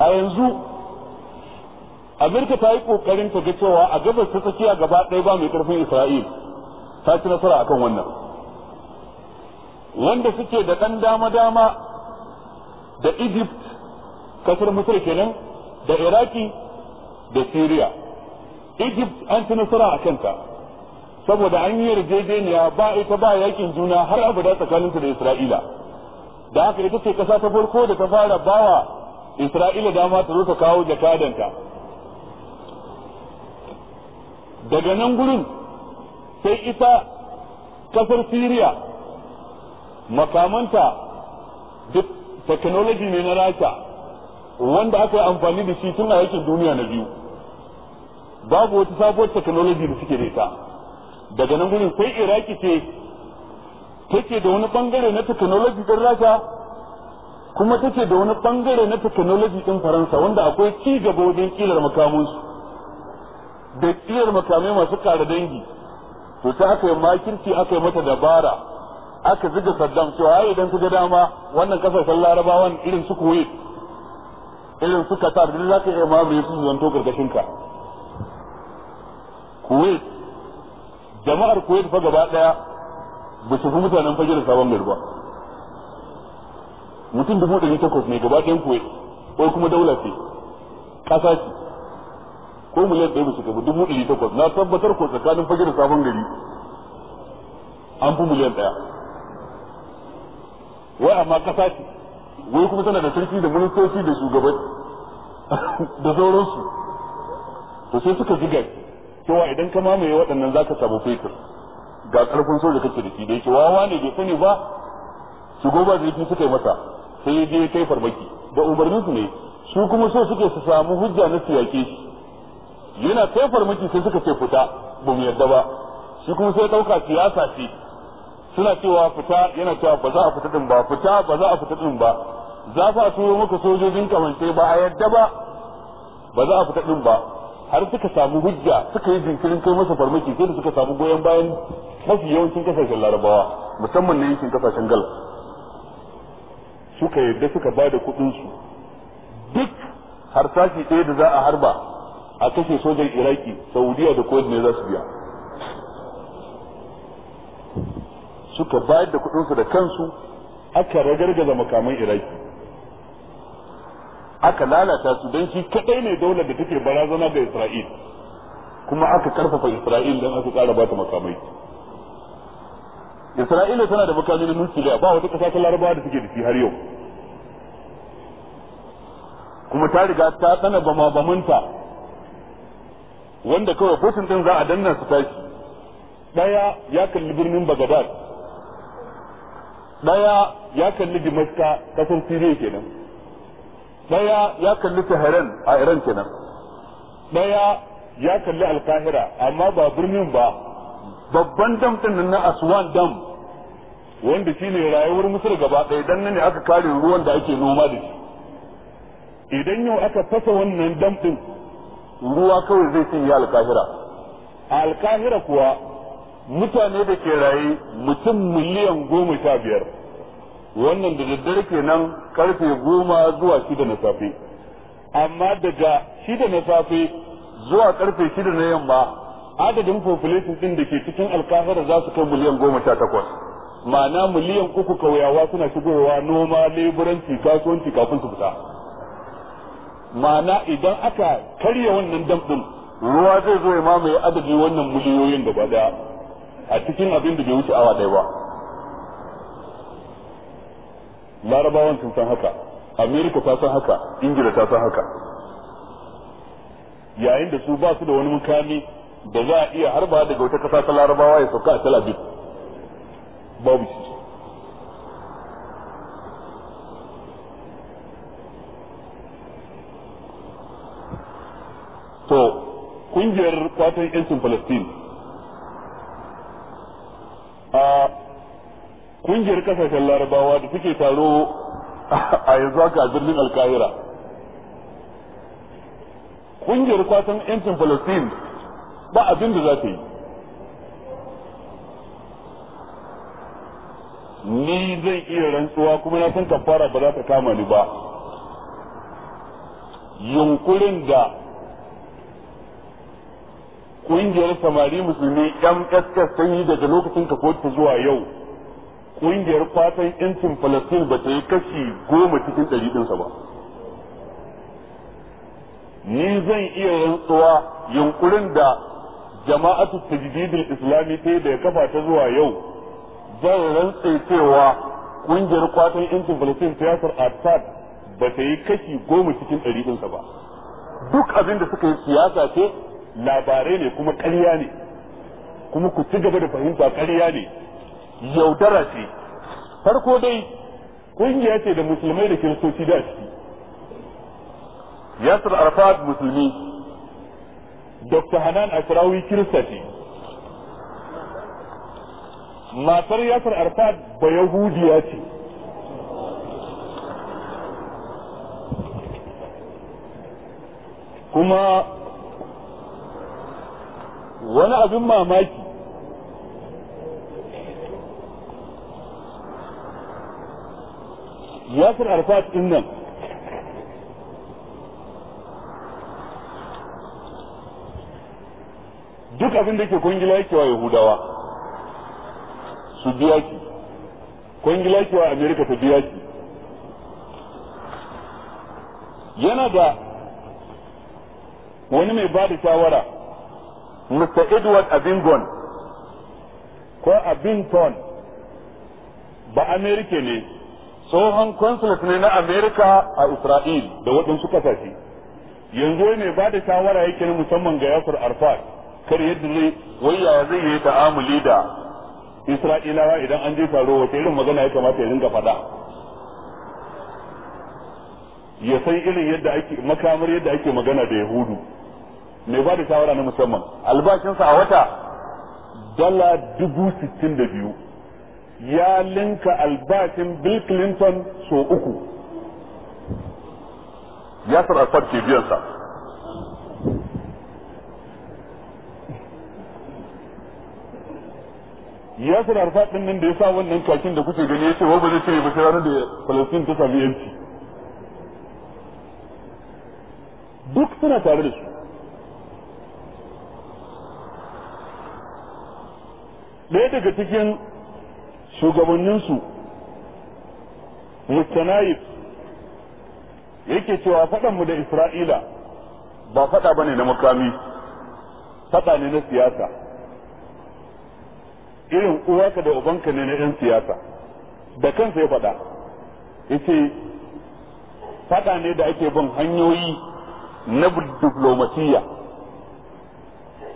a yanzu Amerika ta yi kokarin ta ga cewa a gabas ta tsakiya gaba ɗaya ba mai karfin Isra'il ta ci nasara akan wannan wanda suke da ɗan dama-dama da Egypt kasar misir kenan da iraki da syria egypt an ci nasara a kanta saboda an yi yarjejeniya ba ita ba yakin juna har abada tsakaninta da isra'ila da haka ita ce kasa ta farko da ta fara bawa isra'ila dama ta zo ta kawo jakadanta daga nan gurin sai ita kasar syria makamanta duk technology ne na rasha wanda aka yi amfani da shi tun a yakin duniya na biyu babu wata sabuwar technology da suke da daga nan gudun sai iraki ce take da wani bangare na technology din rasha kuma take da wani bangare na technology din faransa wanda akwai ci gaba wajen kilar makamansu da kilar makamai masu kara dangi to ta aka yi makirci aka yi mata dabara aka ziga saddam cewa idan su ga dama wannan kasashen larabawan irin su kuwait irin suka sa duk za ka ma mai su zanto karkashin ka Kuwait jama'ar Kuwait fa gaba daya ba su fi mutanen fage sabon gari ba mutum dubu ɗari takwas ne gaba ɗayan Kuwait ko kuma daula ce ƙasa ce ko miliyan ɗaya ba su gaba dubu ɗari takwas na tabbatar ko tsakanin fage sabon gari an fi miliyan ɗaya wai amma ƙasa ce wai kuma tana da sarki da ministoci da shugabai da sauransu to sai suka ji gari cewa idan ka mamaye waɗannan za ka samu fetur ga ƙarfin da kake da shi da yake wawa ne bai sani ba shigo ba yake suka yi masa sai je ya kai farmaki da umarnin su ne su kuma so suke su samu hujja na siyake shi yana kai farmaki sai suka ce fita ba mu yarda ba shi kuma sai ɗauka siyasa ce suna cewa fita yana cewa ba za a fita din ba fita ba za a fita din ba za fa su yi muku sojojin kamance ba a yadda ba ba za a fita din ba har suka samu hujja suka yi jinkirin kai masa farmaki sai da suka samu goyon bayan mafi yawancin kasashen larabawa musamman na yankin kasashen gal suka yadda suka ba da kuɗinsu duk harsashi ɗaya da za a harba a kashe sojan iraki saudiya da kowai ne za su biya suka bayar da kuɗinsu da kansu aka ragargaza makaman iraki aka lalata su don shi kadai ne daular da take barazana ga Isra'il kuma aka karfafa Isra'il don aka kara bata makamai Isra'ila tana da makami na nukiliya ba wata kasa ta Larabawa da take da shi har yau kuma ta riga ta tsana bama bamanta wanda kawai kotun din za a danna su tashi daya ya kalli birnin Baghdad daya ya kalli Damascus kasan Syria kenan daya ya kalli Tehran a Iran kenan daya ya kalli Alkahira amma ba birnin ba babban dam din na Aswan dam wanda shine rayuwar Misir gaba ɗaya dan nan ne aka kare ruwan da ake noma da shi idan yau aka fasa wannan dam din ruwa kawai zai cinye Alkahira a Alkahira kuwa mutane da ke raye mutum miliyan goma sha biyar wannan da daddare kenan karfe goma zuwa shida na safe amma daga shida na safe zuwa karfe shida na yamma adadin population din da ke cikin alkahara za su kai miliyan goma sha takwas ma'ana miliyan uku kauyawa suna shigowa noma leburanci kasuwanci kafin su fita ma'ana idan aka karya wannan dam damɗin ruwa zai zo ya mamaye adadin wannan miliyoyin ba daya a cikin abin da bai wuce awa ɗaya ba larabawan sun san haka amerika ta san haka ingila ta san haka yayin da su ba su da wani mukami da za a iya harba daga wata kasa ta larabawa ya sauka a tel aviv babu shi to kungiyar kwatan yancin palestine kungiyar kasashen larabawa da suke taro a yanzu haka a birnin alkahira kungiyar kwatan yancin palestine ba abin da za ta yi ni zan iya rantsuwa kuma na san kafara ba za ta kama ni ba yunkurin da kungiyar samari musulmi yan kaskas ta yi daga lokacin kafota zuwa yau kungiyar fatan yancin falastin ba ta yi kashi goma cikin ɗari ɗinsa ba ni zan iya rantsuwa yunkurin da jama'atu jididin islami ta da ya kafa ta zuwa yau zan rantse cewa kungiyar kwatan yancin falastin ta yasar assad ba ta yi kashi goma cikin ɗari ɗinsa ba duk abin da suka yi siyasa ce labarai ne kuma ƙarya ne kuma ku ci gaba da fahimta karya ne yaudara ce farko dai kungiya ce da musulmai da kiristoci da ciki yasir arfad musulmi dr hanan asirawi kirista ce matar yasir arfad ba yahudiya ce kuma wani abin mamaki yasir arfat din duk abin da ke kwangila yake wa yahudawa su biya ki kwangila yake wa amerika ta biya ki yana da wani mai ba da shawara Mr. Edward Abingon ko Abington ba Amerika ne tsohon consulate ne na America a Isra'il da waɗansu kasashe yanzu ne ba da shawara yake na musamman ga Yasir Arfat kar yadda zai waya zai yi ta'amuli da Isra'ilawa idan an je taro wata irin magana ya kamata ya ringa faɗa ya san irin yadda ake makamar yadda ake magana da Yahudu mai ba da shawara na musamman albashinsa a wata dala dubu sittin da biyu ya linka albashin bill clinton so uku yasir assad ke ya yasir din nan da ya sa wannan kakin da kuke gani ya ce wa ba zai cire ba sai ranar da falastin ta sami yanci duk suna tare da su Daya daga cikin shugabanninsu mustanayif yake cewa mu da isra'ila ba faɗa ba ne na makami faɗa ne na siyasa irin uwaka da ubanka ne na 'yan siyasa da kansa ya faɗa yace faɗa ne da ake bin hanyoyi na diplomasiyya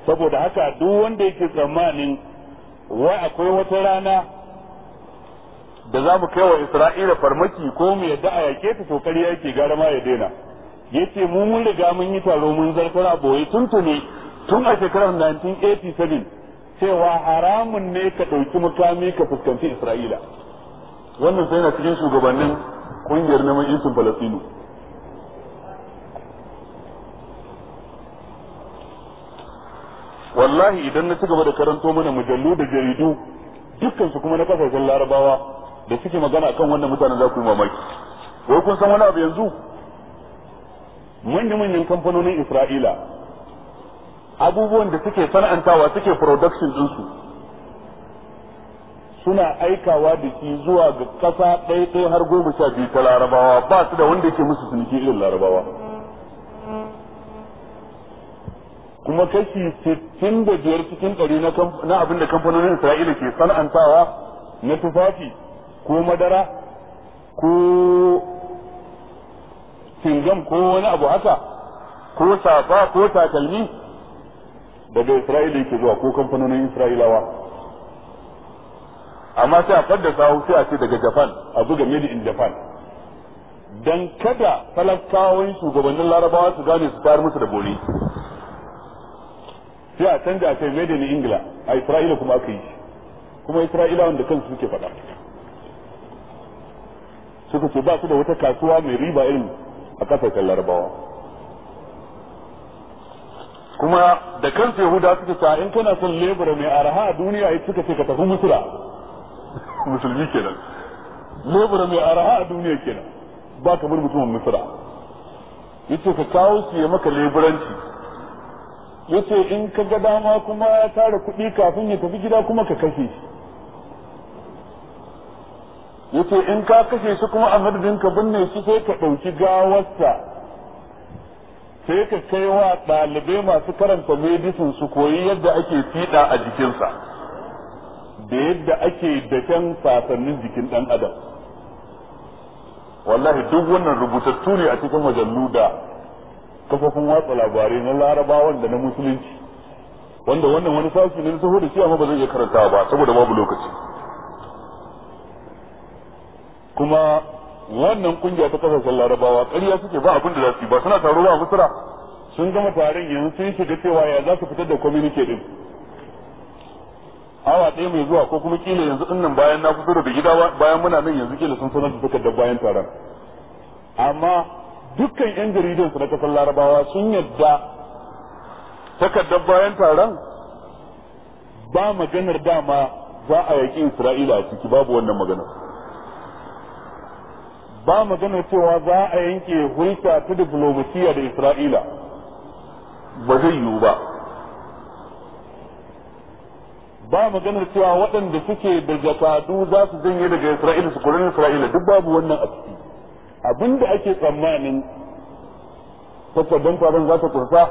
saboda haka duk wanda yake tsammanin wai akwai wata rana da za mu kai wa isra'ila farmaki ko mu yadda a yake ta kokari yake gara ya daina yace mu mun riga mun yi taro mun zartar a boye tuntuni tun a shekarar 1987 cewa haramun ne ka ɗauki mukami ka fuskanci isra'ila wannan sai na cikin shugabannin kungiyar neman yankin falastinu wallahi idan na ci gaba da karanto mana mujallu da jaridu dukkan su kuma na kasashen larabawa da suke magana akan wannan mutanen za ku yi mamaki wai kun san wani abu yanzu manya-manyan kamfanonin isra'ila abubuwan da suke sana'antawa suke production su. suna aikawa da shi zuwa ga ƙasa ɗaya har goma sha biyu ta larabawa ba su da wanda yake musu ciniki irin larabawa kuma kashi sittin da biyar cikin ɗari na abin da kamfanonin isra'ila ke sana'antawa na tufafi ko madara ko singam ko wani abu haka ko safa ko takalmi daga isra'ila yake zuwa ko kamfanonin isra'ilawa amma sai a sahu sai a ce daga japan a buga made in japan dan kada talakawan shugabannin larabawa su gane su tayar musu da boli sai a canja a ce made in ingila a isra'ila kuma aka yi kuma isra'ilawan da kansu suke faɗa suka ce ba su da wata kasuwa mai riba irin a kallar larabawa kuma da kansu yahuda suka ce in kana son lebura mai araha a duniya ya suka ce ka tafi musula musulmi kenan lebura mai araha a duniya kenan ba ka bar mutumin musula ce ka kawo su ya maka leburanci ce in ka ga dama kuma ya tara kuɗi kafin ya tafi gida kuma ka kashe shi yace in ka kashe shi kuma a madadinka ka binne shi sai ka ɗauki gawarsa sai ka kai wa ɗalibai masu karanta medicine su koyi yadda ake fiɗa a jikinsa da yadda ake daken sasannin jikin ɗan adam wallahi duk wannan rubutattu ne a cikin majallu da kafofin watsa labarai na larabawan da na musulunci wanda wannan wani sashi ne na taho da shi amma ba zai iya karantawa ba saboda babu lokaci kuma wannan kungiya ta kasashen larabawa ƙarya suke ba abin da za su yi ba suna taro ba musura sun gama taron yanzu sun shiga cewa ya za su fitar da communique din awa ɗaya mai zuwa ko kuma kila yanzu din nan bayan na fito daga gida bayan muna nan yanzu kila sun sanar da takardar bayan taron amma dukkan yan jaridan su na kasar larabawa sun yadda takardar bayan taron ba maganar dama za a yaki isra'ila a ciki babu wannan maganar ba magana cewa za a yanke hulka ta diplomasiya da isra'ila ba zai yiwu ba ba maganar cewa waɗanda suke da jakadu za su janye daga isra'ila su kurin isra'ila duk babu wannan a ciki abinda ake tsammanin takardar taron za ta kursa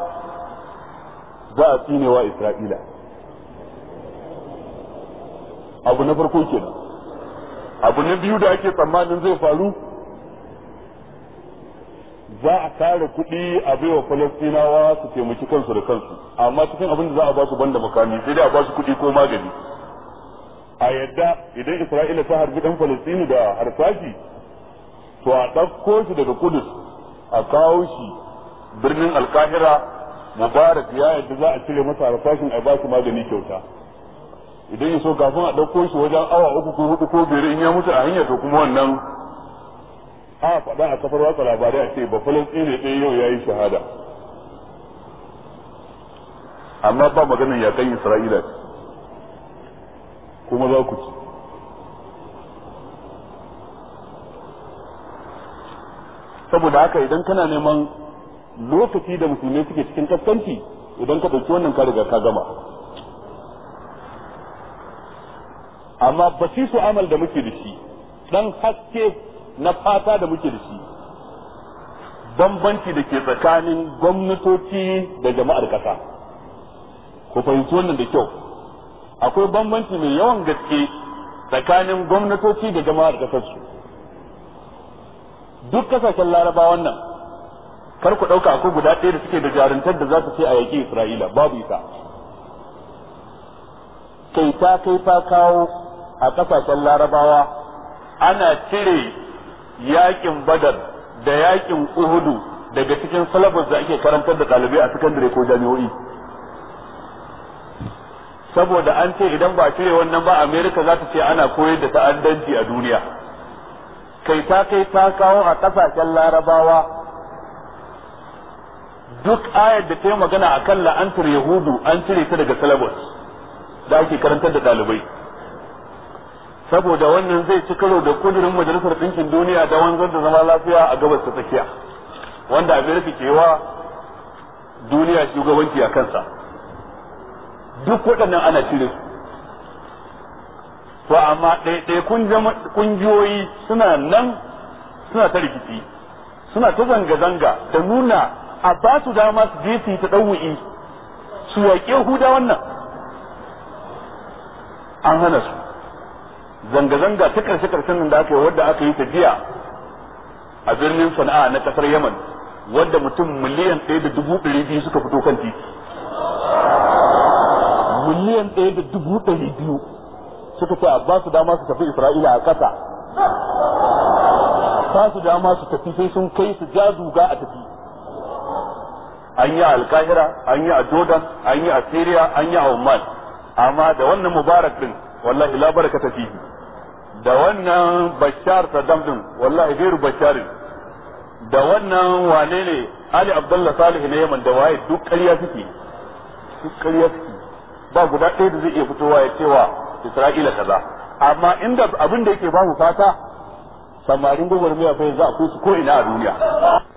za a wa isra'ila abu na farko kenan abu na biyu da ake tsammanin zai faru za a kare kuɗi a baiwa falastinawa su taimaki kansu da kansu amma cikin abin da za a ba su banda makami sai dai a ba su kuɗi ko magani a yadda idan isra'ila ta harbi dan falastini da harsashi to a ɗauko shi daga kudus a kawo shi birnin alkahira mubarak ya yadda za a cire masa harsashin a ba shi magani kyauta idan ya so kafin a ɗauko shi wajen awa uku ko hudu ko biyar in ya mutu a hanya to kuma wannan a faɗa a kafar watsa labarai a ce ba kullum tsere ɗaya yau ya yi shahada amma ba maganin ya kan isra'ila kuma za ku ci saboda haka idan kana neman lokaci da musulmai suke cikin kaskanci idan ka ɗauki wannan ka riga ka gama amma ba su amal da muke da shi dan haske na fata da muke da shi bambanci da ke tsakanin gwamnatoci da jama'ar kasa ku fahimci wannan da kyau akwai bambanci mai yawan gaske tsakanin gwamnatoci da jama'ar ƙasarsu duk kasashen laraba wannan kar ku ɗauka akwai guda ɗaya da suke da jaruntar da za su ce a yaƙi isra'ila babu ita kai ta kai ta kawo a kasashen larabawa ana cire yakin badar da yakin uhudu daga cikin salabus da ake karantar da ɗalibai a sakandare ko jami'o'i saboda an ce idan ba a cire wannan ba Amerika za ta ce ana koyar da ta'addanci a duniya kai ta kai ta kawo a ƙasashen larabawa duk ayar da ta yi magana a kan la'antar yahudu an cire ta daga salabus da ake karantar da ɗalibai saboda wannan zai ci karo da kudurin majalisar ɗinkin duniya da wanzar da zama lafiya a gabas ta tsakiya wanda amerika ke wa duniya shugabanci a kansa duk waɗannan ana cire su to amma ɗaiɗai ƙungiyoyi suna nan suna ta rikici suna ta zanga-zanga da nuna a ba su dama su je su yi ta ɗauwa'i su yaƙi huda wannan an hana su zanga-zanga ta karshe karshen nan da aka yi wadda aka yi ta jiya a birnin sana'a na kasar yaman wadda mutum miliyan ɗaya da dubu ɗari biyu suka fito kan titi miliyan ɗaya da dubu ɗari biyu suka ce a ba su dama su tafi isra'ila a ƙasa ba su dama su tafi sai sun kai su ja duga a tafi an yi a alkahira an yi a jordan an yi a syria an yi a oman amma da wannan mubarak din wallahi la baraka ta fihi da wannan bashar ta din wallahi gairu basharin da wannan wane ne ali abdullah salih na yaman da waye duk ƙarya suke duk ƙarya suke ba guda ɗaya da zai iya fitowa ya cewa isra'ila kaza amma inda abin da yake babu fata samarin gwagwarmaya fa yanzu akwai su ko ina a duniya